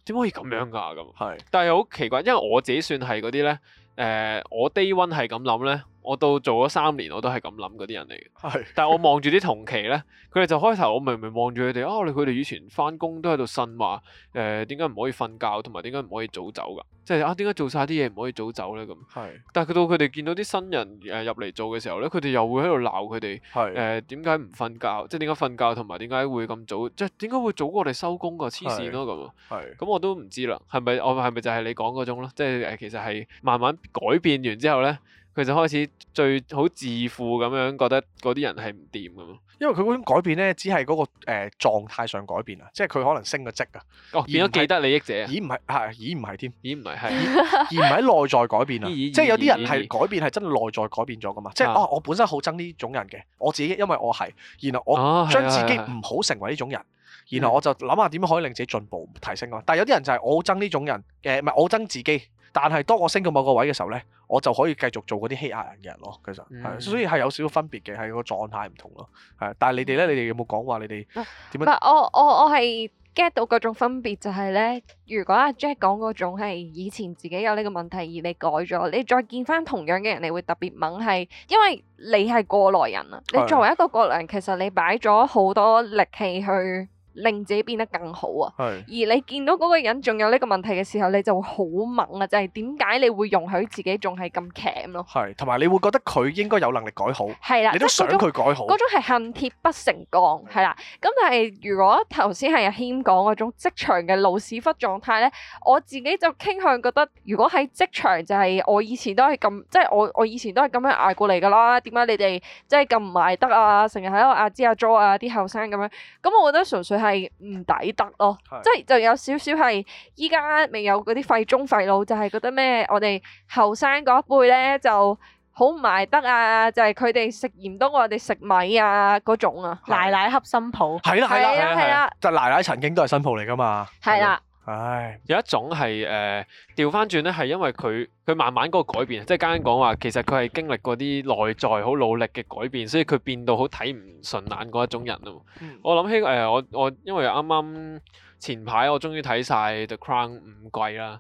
點可以咁樣㗎？啊，咁，係，是但係好奇怪，因為我自己算係嗰啲咧，誒，呃，我 day one 係咁諗咧。我到做咗三年，我都係咁諗嗰啲人嚟嘅。係，是的 但係我望住啲同期咧，佢哋就開頭我明明望住佢哋啊，我哋佢哋以前翻工都喺度呻話，誒、呃，點解唔可以瞓覺，同埋點解唔可以早走噶？即、就、係、是、啊，點解做晒啲嘢唔可以早走咧？咁係，是的 但係佢到佢哋見到啲新人誒入嚟做嘅時候咧，佢哋又會喺度鬧佢哋，係誒是的、呃，點解唔瞓覺？即係點解瞓覺，同埋點解會咁早？即係點解會早過我哋收工噶？黐線咯咁啊！係，咁我都唔知啦，係咪我係咪就係你講嗰種咯？即係誒，其實係慢慢改變完之後咧。佢就開始最好自負咁樣，覺得嗰啲人係唔掂咁咯。因為佢嗰種改變咧，只係嗰、嗰個誒狀態上改變啊，即係佢可能升個職啊，變咗既得利益者。咦，唔係係，而唔係添，咦，唔係係，而唔係喺內在改變啊。 即係有啲人係改變係真內在改變咗噶嘛。嗯、即係哦、啊，我本身好憎呢種人嘅，我自己因為我係，然後我將自己唔好成為呢種人，哦啊啊啊啊、然後我就諗下點樣可以令自己進步提升咯。但係有啲人就係我好憎呢種人嘅，唔、呃、係我憎自己，但係當我升到某個位嘅時候咧，我就可以繼續做嗰啲欺壓人嘅人咯。其實係、嗯，所以係有少少分別嘅，係個狀態唔同咯。係，但係你哋咧，你哋有冇講話你哋點樣、嗯嗯？我我我係 get 到嗰種分別，就係、是、咧，如果阿 Jack 講嗰種係以前自己有呢個問題而你改咗，你再見翻同樣嘅人，你會特別猛，係因為你係過來人啊。你作為一個過來人，其實你擺咗好多力氣去。令自己變得更好啊！是而你見到嗰個人仲有呢個問題嘅時候，你就會好猛啊！就係點解你會容許自己仲係咁慘咯？係，同埋你會覺得佢應該有能力改好。係啦的，你都想佢改好。嗰種係恨鐵不成鋼，係啦。咁但係如果頭先係阿軒講嗰種職場嘅老屎忽狀態咧，我自己就傾向覺得，如果喺職場就係我以前都係咁，即係我我以前都係咁樣捱過嚟噶啦。點解你哋即係咁唔捱得啊？成日喺度阿支阿 JO 啊！啲後生咁樣，咁、啊啊啊、我覺得純粹。係唔抵得咯，即係就有少少係依家未有嗰啲廢中廢老，就係覺得咩我哋後生嗰一輩咧就好唔埋得啊，就係佢哋食鹽多過，我哋食米啊嗰種啊，奶奶恰新抱，係啦係啦係啊，就奶奶曾經都係新抱嚟噶嘛，係啦。唉，有一種係誒調翻轉咧，係、呃、因為佢佢慢慢嗰個改變，即係家欣講話，其實佢係經歷過啲內在好努力嘅改變，所以佢變到好睇唔順眼嗰一種人咯、嗯呃。我諗起誒，我我因為啱啱前排我終於睇晒《The Crown》五季啦，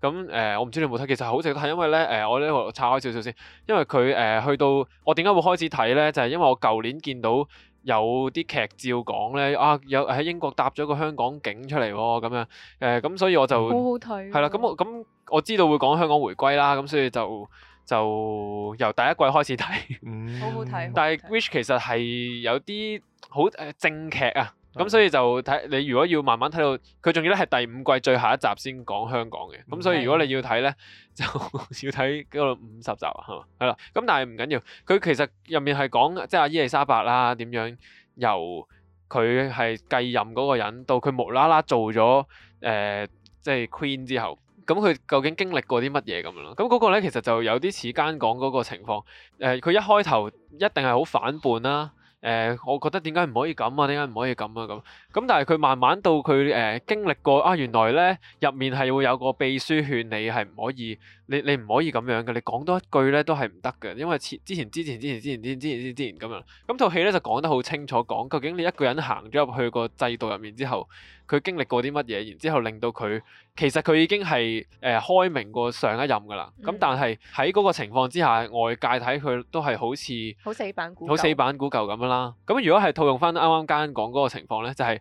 咁、嗯、誒、呃、我唔知你有冇睇，其實好值得睇，係因為咧誒、呃，我呢我拆開少少先，因為佢誒、呃、去到我點解會開始睇咧，就係、是、因為我舊年見到。有啲劇照講咧啊，有喺英國搭咗個香港景出嚟喎，咁樣誒咁、呃，所以我就好好睇。係啦，咁、嗯、我咁、嗯、我知道會講香港回歸啦，咁所以就就由第一季開始睇、嗯是。好好睇。但係 Which 其實係有啲好誒、呃、正劇啊。咁所以就睇你如果要慢慢睇到，佢仲要咧係第五季最後一集先講香港嘅。咁、嗯、所以如果你要睇呢，就要睇嗰五十集係嘛，係啦。咁但係唔緊要，佢其實入面係講即係阿伊麗莎白啦，點樣由佢係繼任嗰個人到佢無啦啦做咗、呃、即係 Queen 之後，咁佢究竟經歷過啲乜嘢咁樣咯？嗰個咧其實就有啲似間講嗰個情況誒，佢、呃、一開頭一定係好反叛啦。誒、呃，我覺得點解唔可以咁啊？點解唔可以咁啊？咁咁，但係佢慢慢到佢誒、呃、經歷過啊，原來呢入面係會有個秘書勸你係唔可以。你你唔可以咁樣嘅，你講多一句咧都係唔得嘅，因為之前之前之前之前之前之前之前咁樣，咁套戲咧就講得好清楚，講究竟你一個人行咗入去個制度入面之後，佢經歷過啲乜嘢，然之後令到佢其實佢已經係誒、呃、開明過上一任噶啦，咁、嗯、但係喺嗰個情況之下，外界睇佢都係好似好死板，好死板古舊咁樣啦。咁如果係套用返啱啱間講嗰個情況咧，就係、係。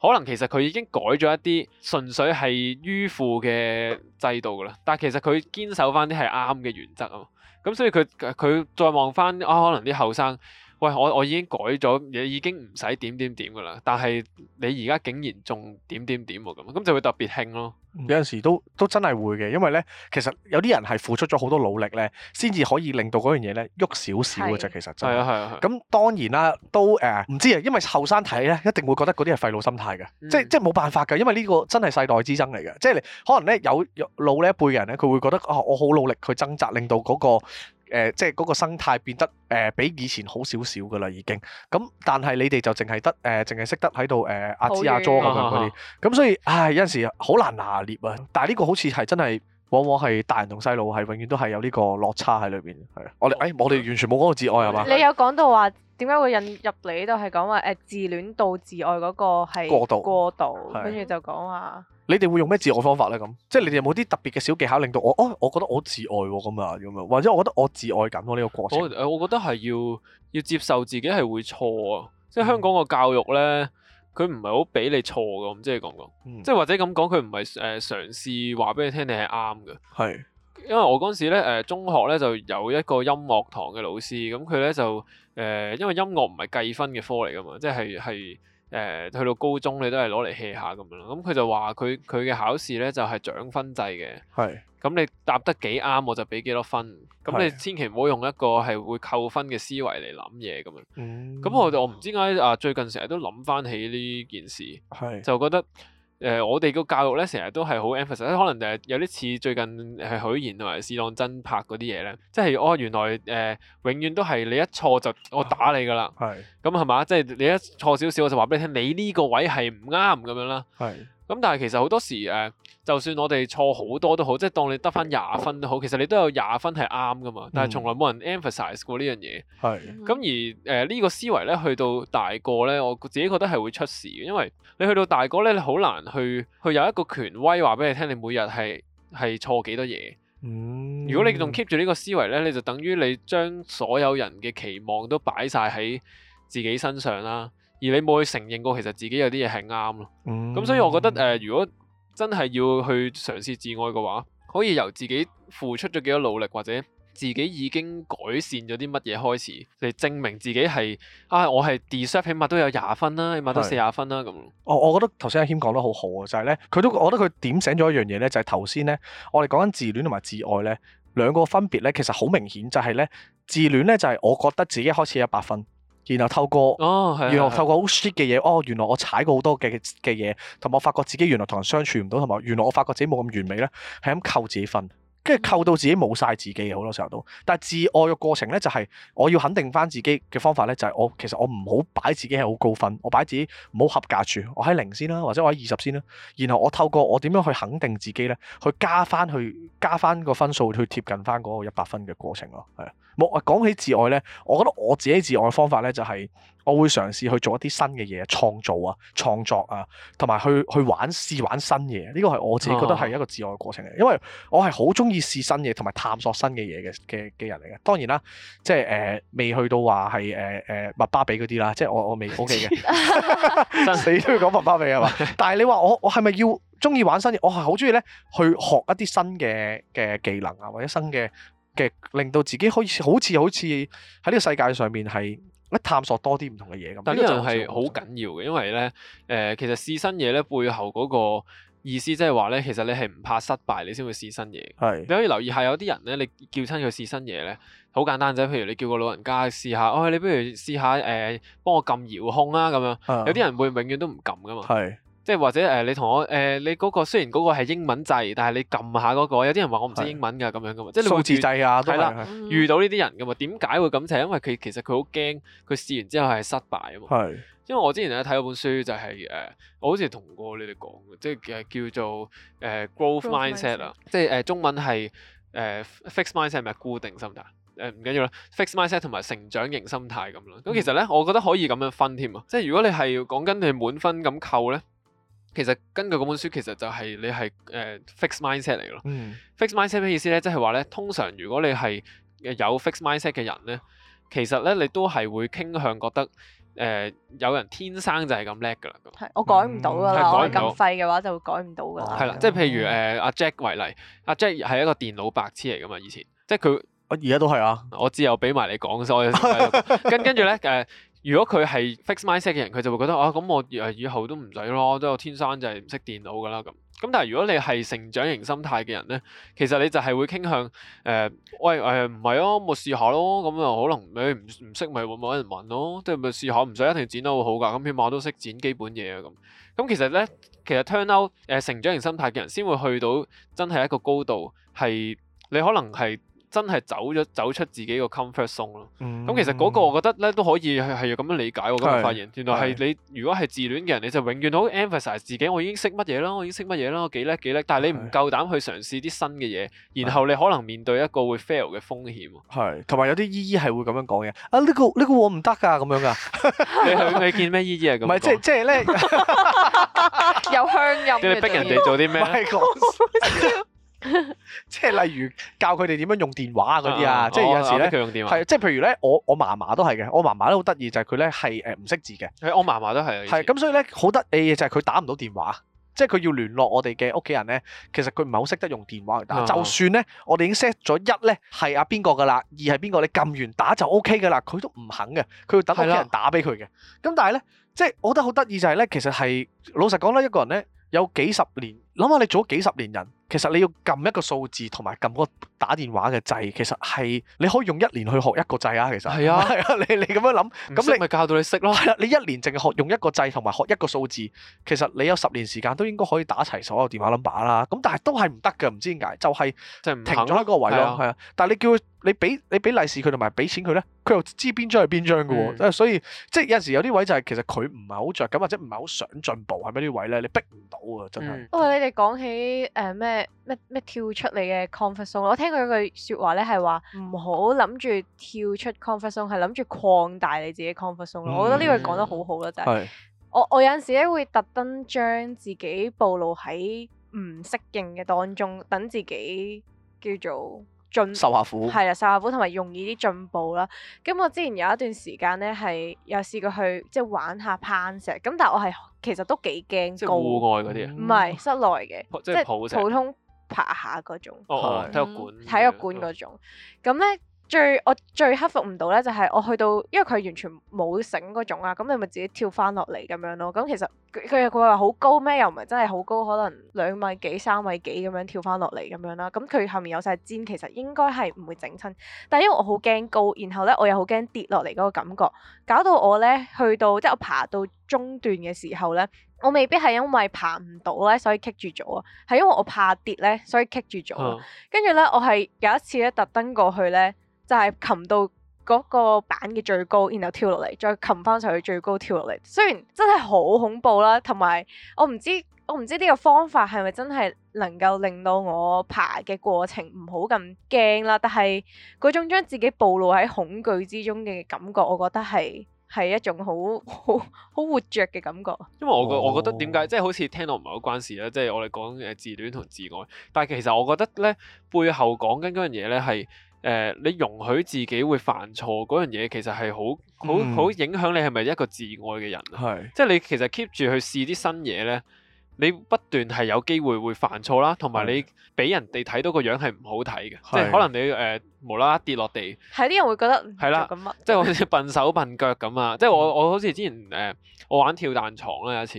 可能其實佢已經改咗一啲純粹係迂腐嘅制度㗎喇，但其實佢堅守返啲係啱嘅原則啊，咁所以佢再望返啊，可能啲後生。喂，我我已經改咗，嘢已經唔使點點點噶啦。但係你而家竟然仲點點點喎咁，咁就會特別興咯。有陣時都都真係會嘅，因為咧，其實有啲人係付出咗好多努力咧，先至可以令到嗰樣嘢咧喐少少嘅啫。係，其實真，係啊係啊。咁當然啦，都誒、呃、唔知啊，因為後生睇咧，一定會覺得嗰啲係廢老心態嘅、嗯，即係即係冇辦法㗎，因為呢個真係世代之爭嚟嘅，即係你可能咧有有老一輩人咧，佢會覺得啊，我好努力去掙扎，令到嗰、嗰個。誒、呃，即係嗰個生態變得誒、呃，比以前好少少噶啦，已、嗯、經。咁但係你哋就淨係、呃、得誒，淨係識得喺度誒，阿茲阿 Jo 咁樣嗰啲。咁所以，唉，有陣時好難拿捏啊。但係呢個好似係真係，往往係大人同細路係永遠都係有呢個落差喺裏邊。係我哋，哎，我哋完全冇講到自愛係嘛？你有講到話點解會引入嚟呢度係講話誒，自戀到自愛嗰個係過度過度，跟住就講話。你哋會用咩自愛方法呢？咁即係你哋有冇啲特別嘅小技巧，令到我哦，我覺得我自愛咁啊，咁樣，或者我覺得我自愛緊咯呢個過程。我，我覺得係要要接受自己係會錯啊！即係香港個教育呢，佢唔係好俾你錯噶，唔知你講唔講？嗯、即係或者咁講，佢唔係誒嘗試話俾你聽你係啱嘅。係是，因為我嗰陣時咧、呃、中學呢就有一個音樂堂嘅老師，咁佢呢就誒、呃，因為音樂唔係計分嘅科嚟噶嘛，即係係。誒，去到高中你都係攞嚟 hea 下咁樣咯，咁佢就話佢佢嘅考試咧就係獎分制嘅。係，咁你答得幾啱我就俾幾多分，咁你千祈唔好用一個係會扣分嘅思維嚟諗嘢咁樣，咁我我唔知點解啊最近成日都諗翻起呢件事，係，就覺得。誒、呃，我哋個教育咧，成日都係好 emphasize，可能誒有啲似最近係許賢同埋試當真拍嗰啲嘢咧，即係我、哦、原來誒、呃、永遠都係你一錯就我打你噶啦，係咁係嘛，即係你一錯少少我就話俾你聽，你呢個位係唔啱咁樣啦，係。咁但係其實好多時誒、呃，就算我哋錯好多都好，即係當你得返廿分都好，其實你都有廿分係啱㗎嘛。嗯、但係從來冇人 emphasize 過呢樣嘢。係的。咁而誒呢、呃呢個思維咧，去到大個咧，我自己覺得係會出事嘅，因為你去到大個咧，你好難去去有一個權威話俾你聽，你每日係係錯幾多嘢。嗯。如果你仲 keep 住呢個思維咧，你就等於你將所有人嘅期望都擺晒喺自己身上啦。而你冇去承認過，其實自己有啲嘢係啱咯。咁、嗯、所以，我覺得誒、呃，如果真係要去嘗試自愛嘅話，可以由自己付出咗幾多努力，或者自己已經改善咗啲乜嘢開始嚟證明自己係啊，我係 deserve 起碼都有廿分啦，起碼都四十分啦咁。我是那、哦、我覺得頭先阿謙講得好好啊，就係、是、呢。佢都我覺得佢點醒咗一樣嘢呢？就係頭先呢，我哋講緊自戀同埋自愛呢兩個分別呢，其實好明顯就係呢。自戀呢，就係我覺得自己開始有一百分。然後透過，哦、透過好 shit 嘅嘢，哦，是是是。哦，原來我踩過好多嘅嘅嘢，同埋我發覺自己原來同人相處唔到，同埋原來我發覺自己冇咁完美咧，係咁扣自己分。跟住扣到自己冇晒自己，好多時候都。但係自愛嘅過程呢，就係我要肯定翻自己嘅方法呢。就係我其實我唔好擺自己係好高分，我擺自己唔好合格住，我喺零先啦、啊，或者我喺二十先啦、啊，然後我透過我點樣去肯定自己呢，去加翻去加翻個分數去貼近翻嗰個一百分嘅過程咯。係啊，冇啊，講起自愛呢，我覺得我自己自愛嘅方法呢、就係，就係。我會嘗試去做一啲新嘅嘢，創造啊、創作啊，同埋去去玩試玩新嘢。呢個係我自己覺得係一個自愛嘅過程嚟，啊、因為我係好中意試新嘢同埋探索新嘅嘢嘅嘅嘅人嚟嘅。當然啦，即係誒、呃、未去到話係誒誒麥巴比嗰啲啦，即係我我未 OK 嘅，死 都要講麥巴比係嘛？ 但係你話我我係咪要中意玩新嘢？我係好中意咧去學一啲新嘅嘅技能啊，或者新嘅嘅令到自己好似好似好似喺呢個世界上面係。一探索多啲唔同嘅嘢咁，但呢樣係好緊要嘅，因為咧，誒、呃，其實試新嘢咧背後嗰個意思，即係話咧，其實你係唔怕失敗，你先會試新嘢。係你可以留意下，有啲人咧，你叫親佢試新嘢咧，好簡單啫。譬如你叫個老人家試下，我、哎、你不如試下，誒、呃，幫我撳遙控啊，咁樣。嗯、有啲人會永遠都唔撳噶嘛。係。即係或者誒、呃，你同我誒、呃，你嗰、那個雖然嗰個係英文制，但係你撳下嗰、那個，有啲人話我唔識英文㗎，咁的樣噶嘛，即係你會自制㗎，係啦。遇到呢啲人咁啊，點解了、嗯、會咁？就係因為佢其實佢好驚，佢試完之後係失敗啊嘛。係的。因為我之前咧睇嗰本書就係、是、誒、呃，我好似同過你哋講，即係誒叫做誒、呃、growth mindset 啊 Mind，即係誒、呃、中文係誒、呃、fixed mindset 係咪固定心態誒，唔緊要啦 fixed mindset 同埋成長型心態咁咯。咁、嗯、其實咧，我覺得可以咁樣分添啊。即係如果你係講緊你滿分咁扣咧。其實根據嗰本書是是，其實就係你係誒 fix mindset 嚟嘅咯。fix mindset 咩意思咧？即係話咧，通常如果你係有 fix mindset 嘅人咧，其實咧你都係會傾向覺得誒、呃、有人天生就係咁叻噶啦。係我改唔到噶啦，咁廢嘅話就會改唔到噶啦。係啦、嗯，即係譬如誒阿、呃、Jack 為例，阿、啊、Jack 係一個電腦白痴嚟噶嘛，以前即係佢而家都係啊。我只有俾埋你講先， 跟跟住咧誒。呃如果佢係 fix mindset 嘅人，佢就會覺得啊，咁我誒以後都唔使咯，即係我天生就係唔識電腦噶啦咁。咁但係如果你係成長型心態嘅人咧，其實你就係會傾向誒，喂誒唔係咯，我試下咯，咁又可能你唔唔識咪揾人問咯，即係咪試下唔使一定剪得好好㗎，咁起碼都識剪基本嘢啊咁。咁其實咧，其實 turn out 誒成長型心態嘅人先會去到真係一個高度係你可能係。真係走咗走出自己個 comfort zone 咯。咁、嗯、其實嗰個我覺得咧都可以係係咁樣理解我今日發現原來係你是如果係自戀嘅人，你就永遠好 emphasize 自己，我已經識乜嘢啦，我已經識乜嘢啦，我幾叻幾叻。但係你唔夠膽去嘗試啲新嘅嘢，是然後你可能面對一個會 fail 嘅風險。係，同埋有啲姨姨係會咁樣講嘅。啊呢、呢個呢、呢個我唔得㗎，咁樣㗎。 你係你見咩姨姨係咁？唔係 即即咧 有香音。你逼人哋做啲咩？ My God. 即係例如教佢哋點樣用電話啊嗰啲啊，嗯、即係有時咧，佢用電話係即係譬如咧，我我嫲嫲都係嘅，我嫲嫲都好得意就係佢咧係誒唔識字嘅，我嫲嫲都係，係咁所以咧好得意嘅就係佢打唔到電話，即係佢要聯絡我哋嘅屋企人咧，其實佢唔係好識得用電話打，就算咧我哋已經 set 咗一咧係阿邊個噶啦，二係邊個你撳完打就 O K 噶啦，佢都唔肯嘅，佢要等屋企人打俾佢嘅，咁的但係咧即係我覺得好得意就係咧，其實係老實講啦，一個人咧有幾十年。諗下你做咗幾十年人，其實你要撳一個數字同埋撳嗰個打電話嘅掣，其實係你可以用一年去學一個掣啊。其實係啊，係啊， 你不懂 你咁樣諗，咁你咪教到你識咯。係啦、啊，你一年淨係學用一個掣同埋學一個數字，其實你有十年時間都應該可以打齊所有電話 number 啦。咁但係都係唔得㗎，唔知點解就係、係、停咗喺個位咯。係啊，啊，但係你叫你俾你俾利是佢同埋俾錢佢咧，佢又知邊張係邊張嘅喎。所以，即係有時有啲位就係其實佢唔係好着緊或者唔係好想進步係咪啲位咧，你逼唔到啊，真係。嗯嗯講起誒咩咩咩跳出你嘅 comfort zone，我聽過一句説話咧，係話唔好諗住跳出 comfort zone，係諗住擴大你自己 comfort zone。我覺得呢句講得好好啦，就係我我有陣時咧會特登將自己暴露喺唔適應嘅當中，等自己叫做。進受下苦，係啦，受下苦同埋容易啲進步啦。咁我之前有一段時間咧，係有試過去即係玩下攀石，咁但係我係其實都幾驚高。即係戶外嗰啲唔係室內嘅，即係普，普通爬下嗰種。體育、哦嗯、館，體育館嗰種。咁咧、嗯。最我最克服唔到咧，就係我去到，因為佢完全冇繩嗰種啊，咁你咪自己跳翻落嚟咁樣咯。咁其實佢佢話好高咩？又唔係真係好高，可能兩米幾、三米幾咁樣跳翻落嚟咁樣啦。咁佢後面有晒氈，其實應該係唔會整親。但係因為我好驚高，然後咧我又好驚跌落嚟嗰個感覺，搞到我咧去到，即係我爬到中段嘅時候咧，我未必係因為爬唔到咧，所以棘住咗啊，係因為我怕跌咧，所以棘住咗。跟住咧，我係有一次咧，特登過去咧。就係擒到嗰個板嘅最高，然後跳落嚟，再擒翻上去最高，跳落嚟。雖然真係好恐怖啦，同埋我唔知，我唔知呢個方法係咪真係能夠令到我爬嘅過程唔好咁驚啦。但係嗰種將自己暴露喺恐懼之中嘅感覺，我覺得係係一種好好好活著嘅感覺。因為我覺，oh. 我覺得點解即係好似聽到唔係好關事啦，即係我哋講嘅自戀同自愛，但係其實我覺得咧，背後講緊嗰樣嘢咧係。誒、呃，你容許自己會犯錯嗰樣嘢，其實係好好好影響你係咪一個自愛嘅人啊？是即係你其實 keep 住去試啲新嘢咧，你不斷係有機會會犯錯啦，同埋你俾人哋睇到個樣係唔好睇嘅，是即係可能你誒、呃、無啦啦跌落地，係啲人會覺得係啦，即係好似笨手笨腳咁啊！嗯、即係我我好似之前誒、呃，我玩跳彈牀啦有一次，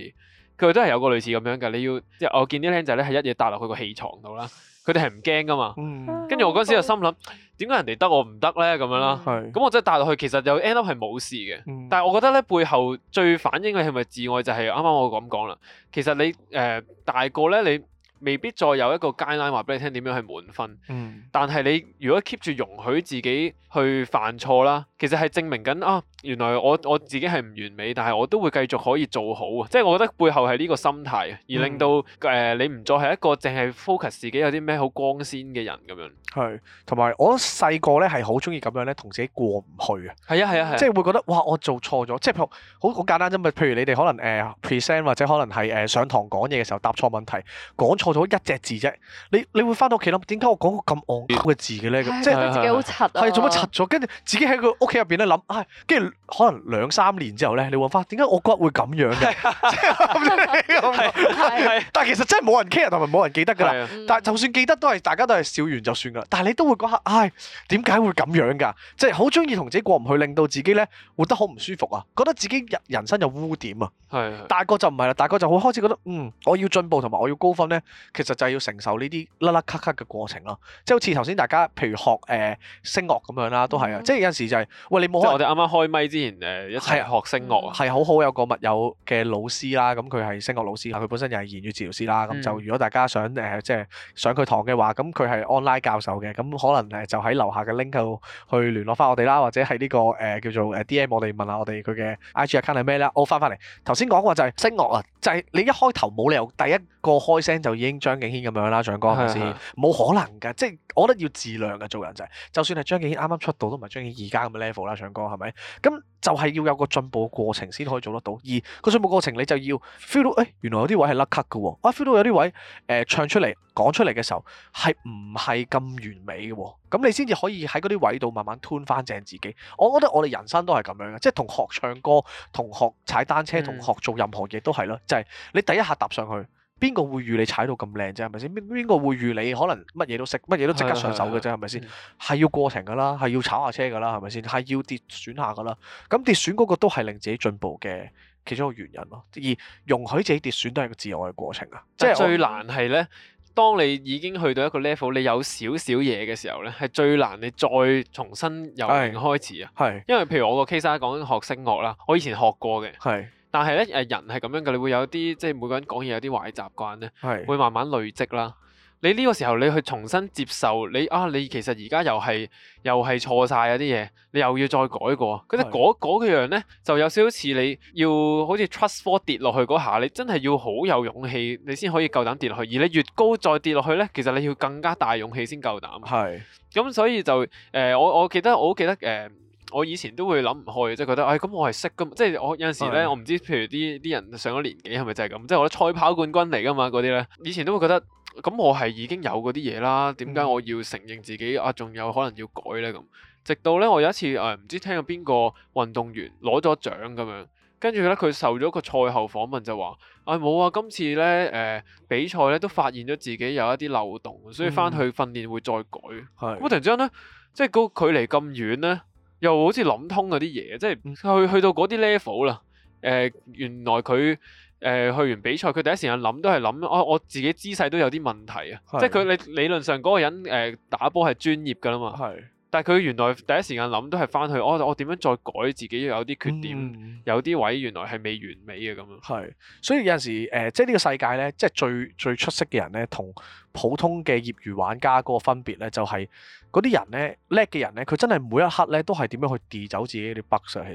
佢都係有個類似咁樣嘅，你要即係我見啲靚仔咧係一嘢搭落去個氣床度啦，佢哋係唔驚噶嘛，跟住我嗰時就心諗。點解人哋得我唔得咧？咁樣啦，咁我真係帶落去，其實有 end up 係冇事嘅。嗯嗯、但係我覺得咧，背後最反映嘅係咪自愛，就係啱啱我咁講啦。其實你誒、呃、大個咧，你未必再有一個家長話俾你聽點樣係滿分。嗯。但係你如果 keep 住容許自己去犯錯啦，其實係證明緊啊。原來我我自己係唔完美，但係我都會繼續可以做好啊。即係我覺得背後係呢個心態，而令到誒、嗯呃、你唔再係一個淨係 focus 自己有啲咩好光鮮嘅人咁樣。係，同埋我細個咧係好中意咁樣咧，同自己過唔去啊。係啊係啊係！即係會覺得哇，我做錯咗。即係譬如好好簡單啫嘛，譬如你哋可能誒、呃、present 或者可能係誒、呃、上堂講嘢嘅時候答錯問題，講錯咗一隻字啫，你你會翻到屋企諗點解我講個咁戇嘅字嘅咧？即係覺得自己好柒啊！係做乜柒咗？跟住自己喺個屋企入邊咧諗，哎，跟住。可能兩三年之後咧，你會問翻點解我覺得會咁樣嘅？ 但係其實真係冇人 care 同埋冇人記得噶啦。的嗯、但係就算記得，都係大家都係笑完就算啦。但係你都會覺得，唉、哎，點解會咁樣噶？即係好中意同自己過唔去，令到自己咧活得好唔舒服啊，覺得自己人生有污點啊是的。大個就唔係啦，大個就會開始覺得，嗯，我要進步同埋我要高分咧，其實就係要承受呢啲甩甩咳咳嘅過程咯。即係好似頭先大家，譬如學誒聲樂咁樣啦，都係啊。嗯、即係有陣時就係，喂，你冇。即係我哋啱啱開之前誒一齊學聲樂啊，係、嗯、好好有個密友嘅老師啦，咁佢係聲樂老師，佢本身又係言語治療師啦。咁就如果大家想誒、呃、即係上佢堂嘅話，咁佢係 online 教授嘅，咁可能誒就喺樓下嘅 link 度去聯絡翻我哋啦，或者係呢、這個誒、呃、叫做誒 DM 我哋問下我哋佢嘅 IG account 係咩啦。我翻返嚟頭先講過就係聲樂啊，就係、是、你一開頭冇理由第一個開聲就已經張敬軒咁樣啦唱歌係咪？冇是可能㗎，即、就、係、是、我覺得要自量嘅做人就係、是，就算係張敬軒啱啱出道都唔係張敬軒而家咁嘅 level 啦唱歌係咪？是咁就係要有個進步過程先可以做得到，而個進步過程你就要 feel 到，哎，原來有啲位係甩咳嘅喎，我 feel 到有啲位，誒、呃，唱出嚟、講出嚟嘅時候係唔係咁完美嘅喎，咁你先至可以喺嗰啲位度慢慢 tune 翻正自己。我覺得我哋人生都係咁樣嘅，即係同學唱歌、同學踩單車、同學做任何嘢都係啦，嗯、就係你第一下踏上去。邊個會預你踩到咁靚啫？係咪先？邊邊個會預你？可能乜嘢都識，乜嘢都即刻上，上手嘅啫？係咪先？係 要過程噶啦，係要炒下車噶啦，係咪先？係要跌損下噶啦。咁跌損嗰個都係令自己進步嘅其中一個原因咯。而容許自己跌損都係個自我嘅過程啊。即係最難係咧， 當你已經去到一個 level，你有少少嘢嘅時候咧，係最難你再重新由零開始啊。係，因為譬如我個 case，我講緊學聲樂啦，我以前學過嘅。係。但係咧，誒人係咁樣嘅，你會有啲即係每個人講嘢有啲壞習慣咧，是會慢慢累積啦。你呢個時候你去重新接受你啊，你其實而家又係又係錯晒。嗰啲嘢，你又要再改過。嗰啲嗰嗰樣咧，就有少少似你要好似 trust fall 跌落去嗰下，你真係要好有勇氣，你先可以夠膽跌落去。而你越高再跌落去咧，其實你要更加大勇氣先夠膽。係是。咁、嗯、所以就誒、呃，我我，我記得我記得誒。呃我以前都會諗唔開，即係覺得，唉，咁我係識嘅，即係我有陣時咧，我唔知，譬如啲啲人上咗年紀係咪就係咁，即係我咧賽跑冠軍嚟噶嘛嗰啲咧，以前都會覺得，咁我係已經有嗰啲嘢啦，點解我要承認自己啊？仲有可能要改咧咁？直到咧我有一次誒唔知聽咗邊個運動員攞咗獎咁樣，跟住咧佢受咗個賽後訪問就話，啊冇啊，今次咧誒比賽咧都發現咗自己有一啲漏洞，所以翻去訓練會再改。係咁突然之間咧，即係個距離咁遠咧。又好似諗通嗰啲嘢，即係去去到嗰啲 level 啦。誒、呃，原來佢誒、呃、去完比賽，佢第一時間諗都係諗，啊我自己姿勢都有啲問題啊！係 即係佢理理論上嗰、嗰個人誒、呃、打波係專業噶啦嘛。但係佢原來第一時間諗都係翻去，我我點樣再改自己有啲缺點，有啲位原來係未完美嘅咁樣。係，所以有陣時誒、呃，即係呢個世界咧，即係最最出色嘅人咧，同普通嘅業餘玩家嗰個分別咧，就係嗰啲人咧叻嘅人咧，佢真係每一刻咧都係點樣去掉走自己啲 bucks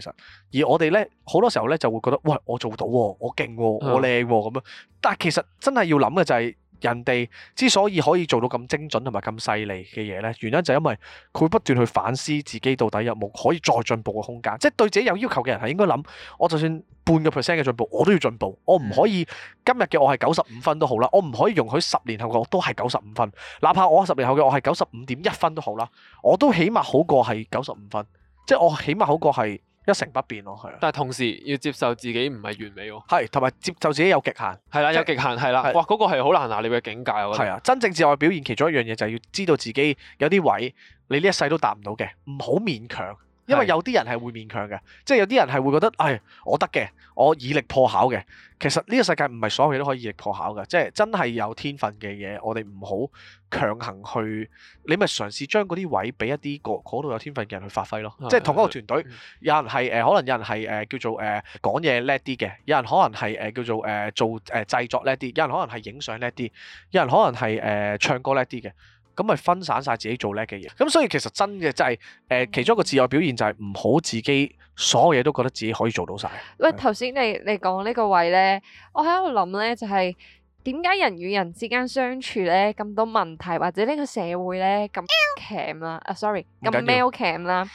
其實，而我哋咧好多時候咧就會覺得，喂，我做到喎，我勁喎，我靚喎咁樣。但係其實真係要諗嘅就係、是。人哋之所以可以做到咁精準同埋咁犀利嘅嘢呢，原因就係因為佢不斷去反思自己到底有冇可以再進步嘅空間。即係對自己有要求嘅人係應該諗，我就算半個 percent 嘅進步，我都要進步。我唔可以今日嘅我係九十五分都好啦，我唔可以容許十年後嘅我都係九十五分。哪怕我十年後嘅我係九十五點一分都好啦，我都起碼好過係九十五分。即係我起碼好過係。一成不變咯，係啊，但係同時要接受自己唔係完美喎，同埋接受自己有極限，係啦的，的有極限係啦，的哇，嗰、那個係好難拿捏嘅境界，我覺得係啊，真正自愛表現，其中一樣嘢就係要知道自己有啲位，你呢一世都達唔到嘅，唔好勉強。因為有啲人係會勉強嘅，即係有啲人係會覺得，唉、哎，我得嘅，我以力破巧嘅。其實呢個世界唔係所有嘢都可以以力破巧嘅，即係真係有天分嘅嘢，我哋唔好強行去。你咪嘗試將嗰啲位俾一啲嗰度有天分嘅人去發揮咯。的即係同一個團隊，有人係誒，可能有人係誒、呃、叫做誒講嘢叻啲嘅，有人可能係誒、呃、叫做誒做誒製作叻啲，有人可能係影相叻啲，有人可能係誒、呃、唱歌叻啲嘅。咁咪分散晒自己做叻嘅嘢，咁所以其實真嘅即係誒，其中一個自我表現就係唔好自己所有嘢都覺得自己可以做到晒。喂，頭先你你講呢個位咧，我喺度諗咧，就係點解人與人之間相處咧咁多問題，或者呢個社會咧咁 cam 啦，啊 sorry 咁 male cam 啦，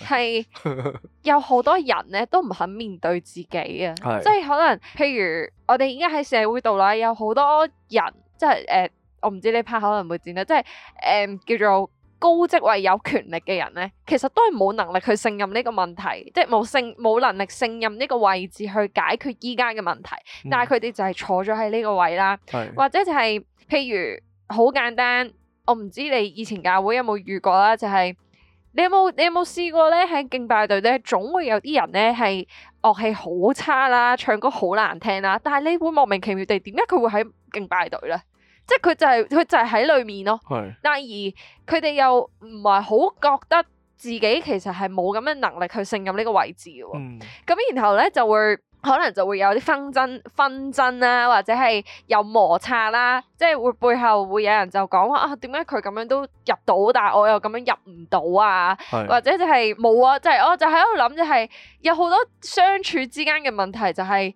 係有好多人咧都唔肯面對自己啊，即係是可能譬如我哋而家喺社會度啦，有好多人即係誒。就是呃我唔知呢 part 可能會點咧，即係誒、呃、叫做高職位有權力嘅人咧，其實都係冇能力去勝任呢個問題，即係冇勝冇能力勝任呢個位置去解決依家嘅問題。但係佢哋就係坐咗喺呢個位啦，嗯、或者就係、是、譬如好簡單，我唔知你以前教會有冇遇過啦，就係、是、你有冇你有冇試過咧喺敬拜隊咧，總會有啲人咧係樂器好差啦，唱歌好難聽啦，但係你會莫名其妙地點解佢會喺敬拜隊咧？即係佢就係、是、佢就係喺裏面咯，是但係而佢哋又唔係好覺得自己其實係冇咁嘅能力去勝任呢個位置嘅，咁、嗯、然後咧就會可能就會有啲紛爭紛爭啦、啊，或者係有摩擦啦、啊，即係會背後會有人就講話啊，點解佢咁樣都入到，但係我又咁樣入唔到啊？是或者就係、是、冇啊？就係、是、我就喺度諗，就係有好多相處之間嘅問題，就係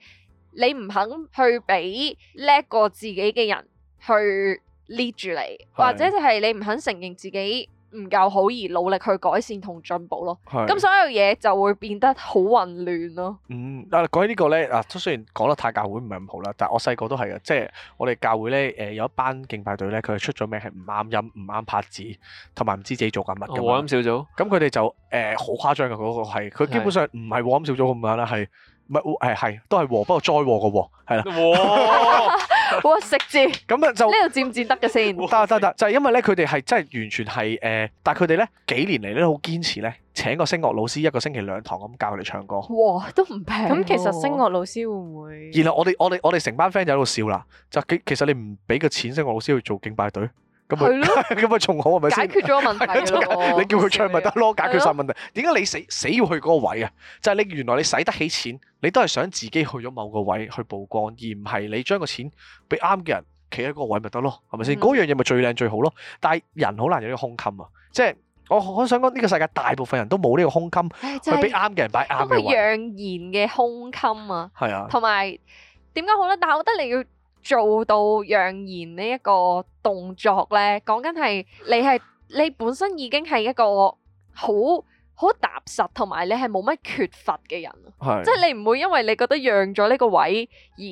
你唔肯去俾叻過自己嘅人。去 lead 住你是，或者就係你唔肯承認自己唔夠好而努力去改善同進步咯。咁是所有嘢就會變得好混亂咯。嗯，啊講起呢個咧，啊雖然講得太教會唔係唔好啦，但係我細個都係啊。即係我哋教會咧，誒、呃、有一班敬拜隊咧，佢係出咗名係唔啱音、唔啱拍子，同埋唔知自己做緊乜嘅。和音小組，咁佢哋就誒好誇張嘅嗰個係，佢基本上唔係和音小組咁樣啦，係。唔係，都係和，不過災和個和，係啦。哇， 哇！食字咁啊，就呢度佔唔佔得嘅先？得得得，就係因為咧，佢哋係真係完全係誒、呃，但係佢哋咧幾年嚟咧好堅持咧，請個聲樂老師一個星期兩堂咁教佢哋唱歌。哇！都唔平。咁其實聲樂老師會唔會？然後我哋我哋我哋成班 friend 就喺度笑啦，就其其實你唔俾個錢聲樂老師去做敬拜隊？咁咪咁咪仲好係咪先？解決咗個問， 問題，你叫佢唱咪得咯，解決晒問題。點解你死死要去嗰個位啊？就係、是、你原來你使得起錢，你都係想自己去咗某個位去曝光，而唔係你將個錢俾啱嘅人，企喺嗰個位咪得咯？係咪先？嗰、嗯、樣嘢咪最靚最好咯。但係人好難有啲胸襟啊，即係我我想講呢個世界大部分人都冇呢個胸襟去，去俾啱嘅人擺啱嘅位。咁咪揚言嘅胸襟啊，係啊是的。同埋點解好咧？但係我覺得你要，做到讓賢呢一個動作呢，講緊係你係你本身已經係一個好好踏實，同埋你係冇乜缺乏嘅人，是即係你唔會因為你覺得讓咗呢個位而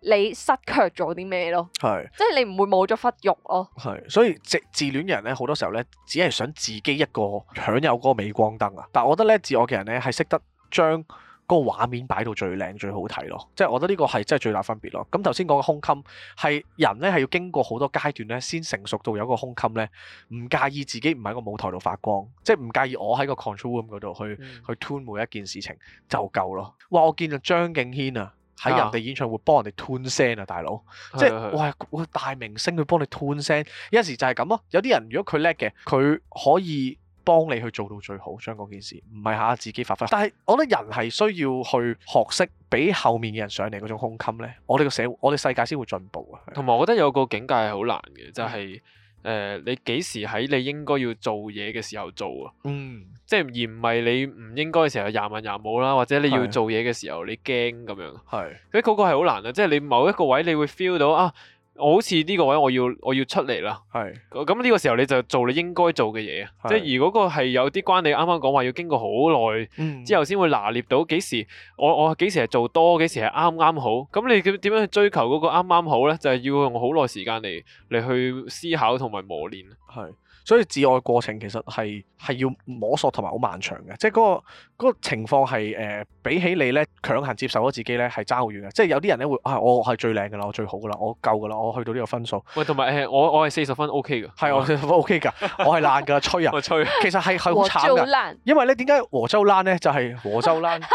你失卻咗啲咩咯，是即係你唔會冇咗忽肉咯。係，所以自自戀人呢，好多時候呢，只係想自己一個享有嗰個鎂光燈啊。但我覺得呢，自我嘅人呢，係識得將嗰個畫面擺到最靚最好睇咯，即係我覺得呢個係真係最大分別咯。咁頭先講嘅胸襟係人呢係要經過好多階段呢先成熟到有個胸襟呢，唔介意自己唔喺個舞台度發光，即係唔介意我喺個 control room 嗰度去去 tune 每一件事情就夠咯。哇！我見到張敬軒啊喺人哋演唱會幫人哋 tune 聲啊，大佬，即係哇、嗰個、大明星佢幫你 tune 聲，有時就係咁咯。有啲人如果佢叻嘅，佢可以。幫你去做到最好，將嗰件事唔係下下自己發揮。但係我覺得人係需要去學識，俾後面嘅人上嚟嗰種胸襟呢，我哋個社會、我哋世界先會進步啊。同埋我覺得有個境界係好難嘅，就係、是、誒、嗯呃、你幾時喺你應該要做嘢嘅時候做啊？嗯，即係而唔係你唔應該嘅時候廿問廿無啦，或者你要做嘢嘅時候的你驚咁樣。係的，誒嗰個係好難啊！即、就、係、是、你某一個位你會 feel 到啊。我好似呢個位我，我要我要出嚟啦。係是，咁呢個時候你就做你應該做嘅嘢啊。是即係如果個係有啲關，你啱啱講話要經過好耐、嗯、之後先會拿捏到幾時，我我幾時係做多，幾時係啱啱好。咁你點點樣去追求嗰個啱啱好咧？就係、是、要用好耐時間嚟嚟去思考同埋磨練。係。所以自愛過程其實係係要摸索同埋好漫長嘅，即係嗰、那個那個情況係誒、呃、比起你咧強行接受咗自己咧，係爭好遠嘅，即係有啲人咧會啊、哎、我係最靚嘅啦，我最好嘅啦，我夠嘅啦，我去到呢個分數。喂，同埋誒我我係四十分 OK 嘅，係我四十分 OK 㗎，我係、OK、爛㗎， 吹啊，其實係係好慘㗎，因為咧點解和州爛咧就係、是、和州爛。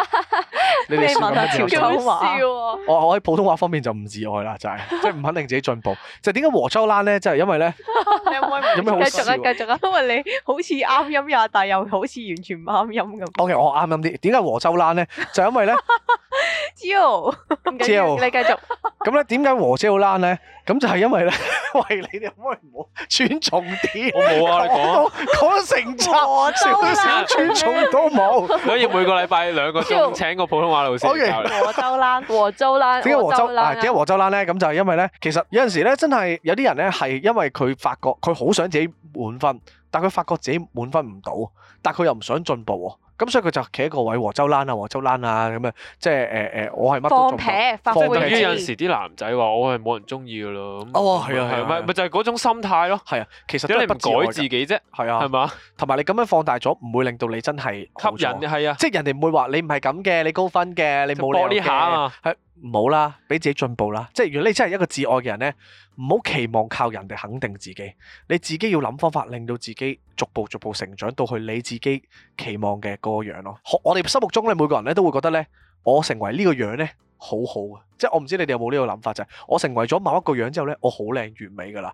你哋問下，得潮州話，我我喺普通話方面就唔自愛啦，就係即係唔肯定自己進步。就點解和州撚咧？就係因為咧，有咩好笑？繼續啊，繼續啊，因為你好似啱音呀，但係又好似完全唔啱音咁。當然我啱音啲，點解和州撚咧？就因為咧 j o 你繼續。咁咧，點解和州好撚咧？咁就係因為咧，喂你哋可唔可以唔好尊重啲？我冇啊，你講說，講說成集啊，潮州少穿重都冇。 所以每個禮拜兩個鐘請個普通話老師教你 okay, 和。和州啦，洲啊、和州啦，點解、啊、和州啦？點解和州啦？咧咁就係因為咧，其實有陣時咧，真係有啲人咧係因為佢發覺佢好想自己滿分，但佢發覺自己滿分唔到，但佢又唔想進步喎。咁所以佢就企一個位和周蘭啊，和周蘭啊咁啊，即係誒誒，我係乜都做？放屁！放屁黐線。即係等於有時啲男仔話我係冇人中意嘅咯。哦，係啊係啊，咪咪就係嗰種心態咯。係啊，其實真係不智嘅。點解你唔改自己啫。係啊。係嘛？同埋你咁樣放大咗，唔會令到你真係吸引。係啊，即係人哋唔會話你唔係咁嘅，你高分嘅，你冇你嘅。播啲下啊嘛。唔好啦，俾自己進步啦。即係如果你真係一個自愛嘅人呢，唔好期望靠人哋肯定自己，你自己要諗方法令到自己逐步逐步成長到去你自己期望嘅個樣咯。學我哋心目中咧，每個人咧都會覺得呢：「我成為呢個樣呢，好好啊！」即係我唔知你哋有冇呢個諗法，就係、是、我成為咗某一個樣之後呢，我好靚完美噶啦。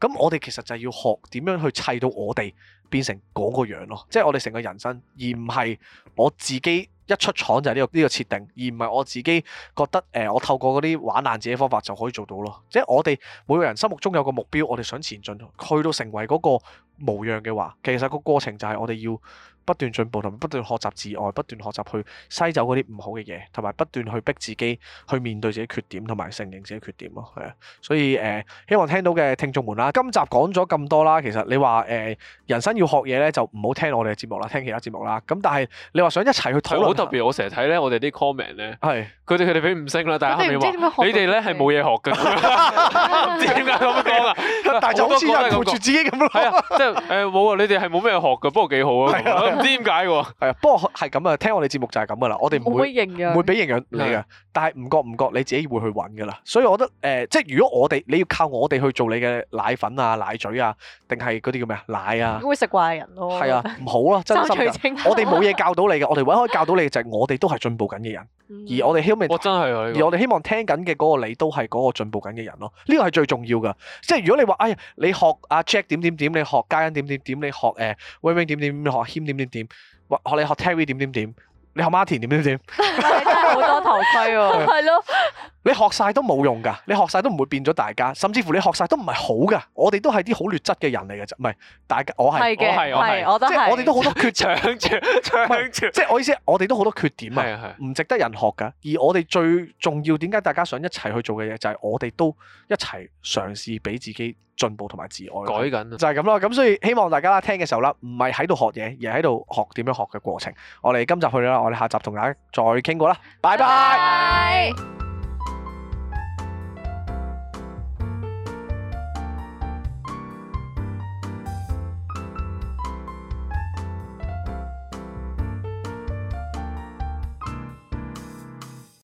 咁我哋其實就要學點樣去砌到我哋變成嗰個樣咯。即係我哋成個人生，而唔係我自己。一出廠就係呢個呢個設定，而唔係我自己覺得誒、呃，我透過嗰啲玩爛自己方法就可以做到咯。即係我哋每個人心目中有個目標，我哋想前進去到成為嗰個模樣嘅話，其實個過程就係我哋要。不斷進步同不斷學習自愛，不斷學習去篩走嗰啲唔好嘅嘢，同埋不斷去逼自己去面對自己缺點，同埋承認自己缺點咯，係啊。所以誒，希望聽到嘅聽眾們啦，今集講咗咁多啦，其實你話誒人生要學嘢咧，就唔好聽我哋嘅節目啦，聽其他節目啦。咁但係你話想一齊去睇，好特別。我成日睇咧，我哋啲 comment 咧，係佢哋佢哋俾五星啦，但係後面話你哋咧係冇嘢學㗎，唔知點解咁講啊，但就好似又抱住自己咁咯，係啊，即係誒冇啊，你哋係冇咩學㗎，不過幾好啊。唔知點解喎。啊， 不過係咁啊，聽我哋節目就係咁噶啦。我哋唔會唔會俾營養你嘅。 但係唔覺唔覺你自己會去揾噶啦。所以我覺得誒、呃，即係如果我哋你要靠我哋去做你嘅奶粉啊、奶嘴啊，定係嗰啲叫咩啊、奶啊，會食怪人咯。係啊，唔好咯、啊， 真心 真 我哋冇嘢教到你嘅，我哋唯一可以教到你嘅，就係我哋都係進步緊嘅人，嗯、而我哋希望、哦、真而我哋希望聽緊嘅嗰個你都係嗰個進步緊嘅人咯。呢個係最重要㗎。即係如果你話哎呀，你學阿、啊、Jack 點點點，你學 Kayan 點點點，你學誒 Wing 點點點，學點或學你學 Terry 點點點，你學 Martin 點點點，真係好多頭盔喎，係 咯。你學晒都冇用噶，你學晒都唔會變咗大家，甚至乎你學晒都唔係好噶。我哋都係啲好劣質嘅人嚟噶啫，唔係大家我係我係我係，即係是我哋都好多缺長即係我意思我，我哋都好多缺點啊，唔值得人學噶。而我哋最重要，點解大家想一齊去做嘅嘢，就係我哋都一齊嘗試俾自己。進步同埋自愛改緊，就係咁囉。咁所以希望大家啦聽嘅時候啦，唔係喺度學嘢，而係喺度學點樣學嘅過程。我哋今集去啦，我哋下集同大家再傾過啦。拜拜。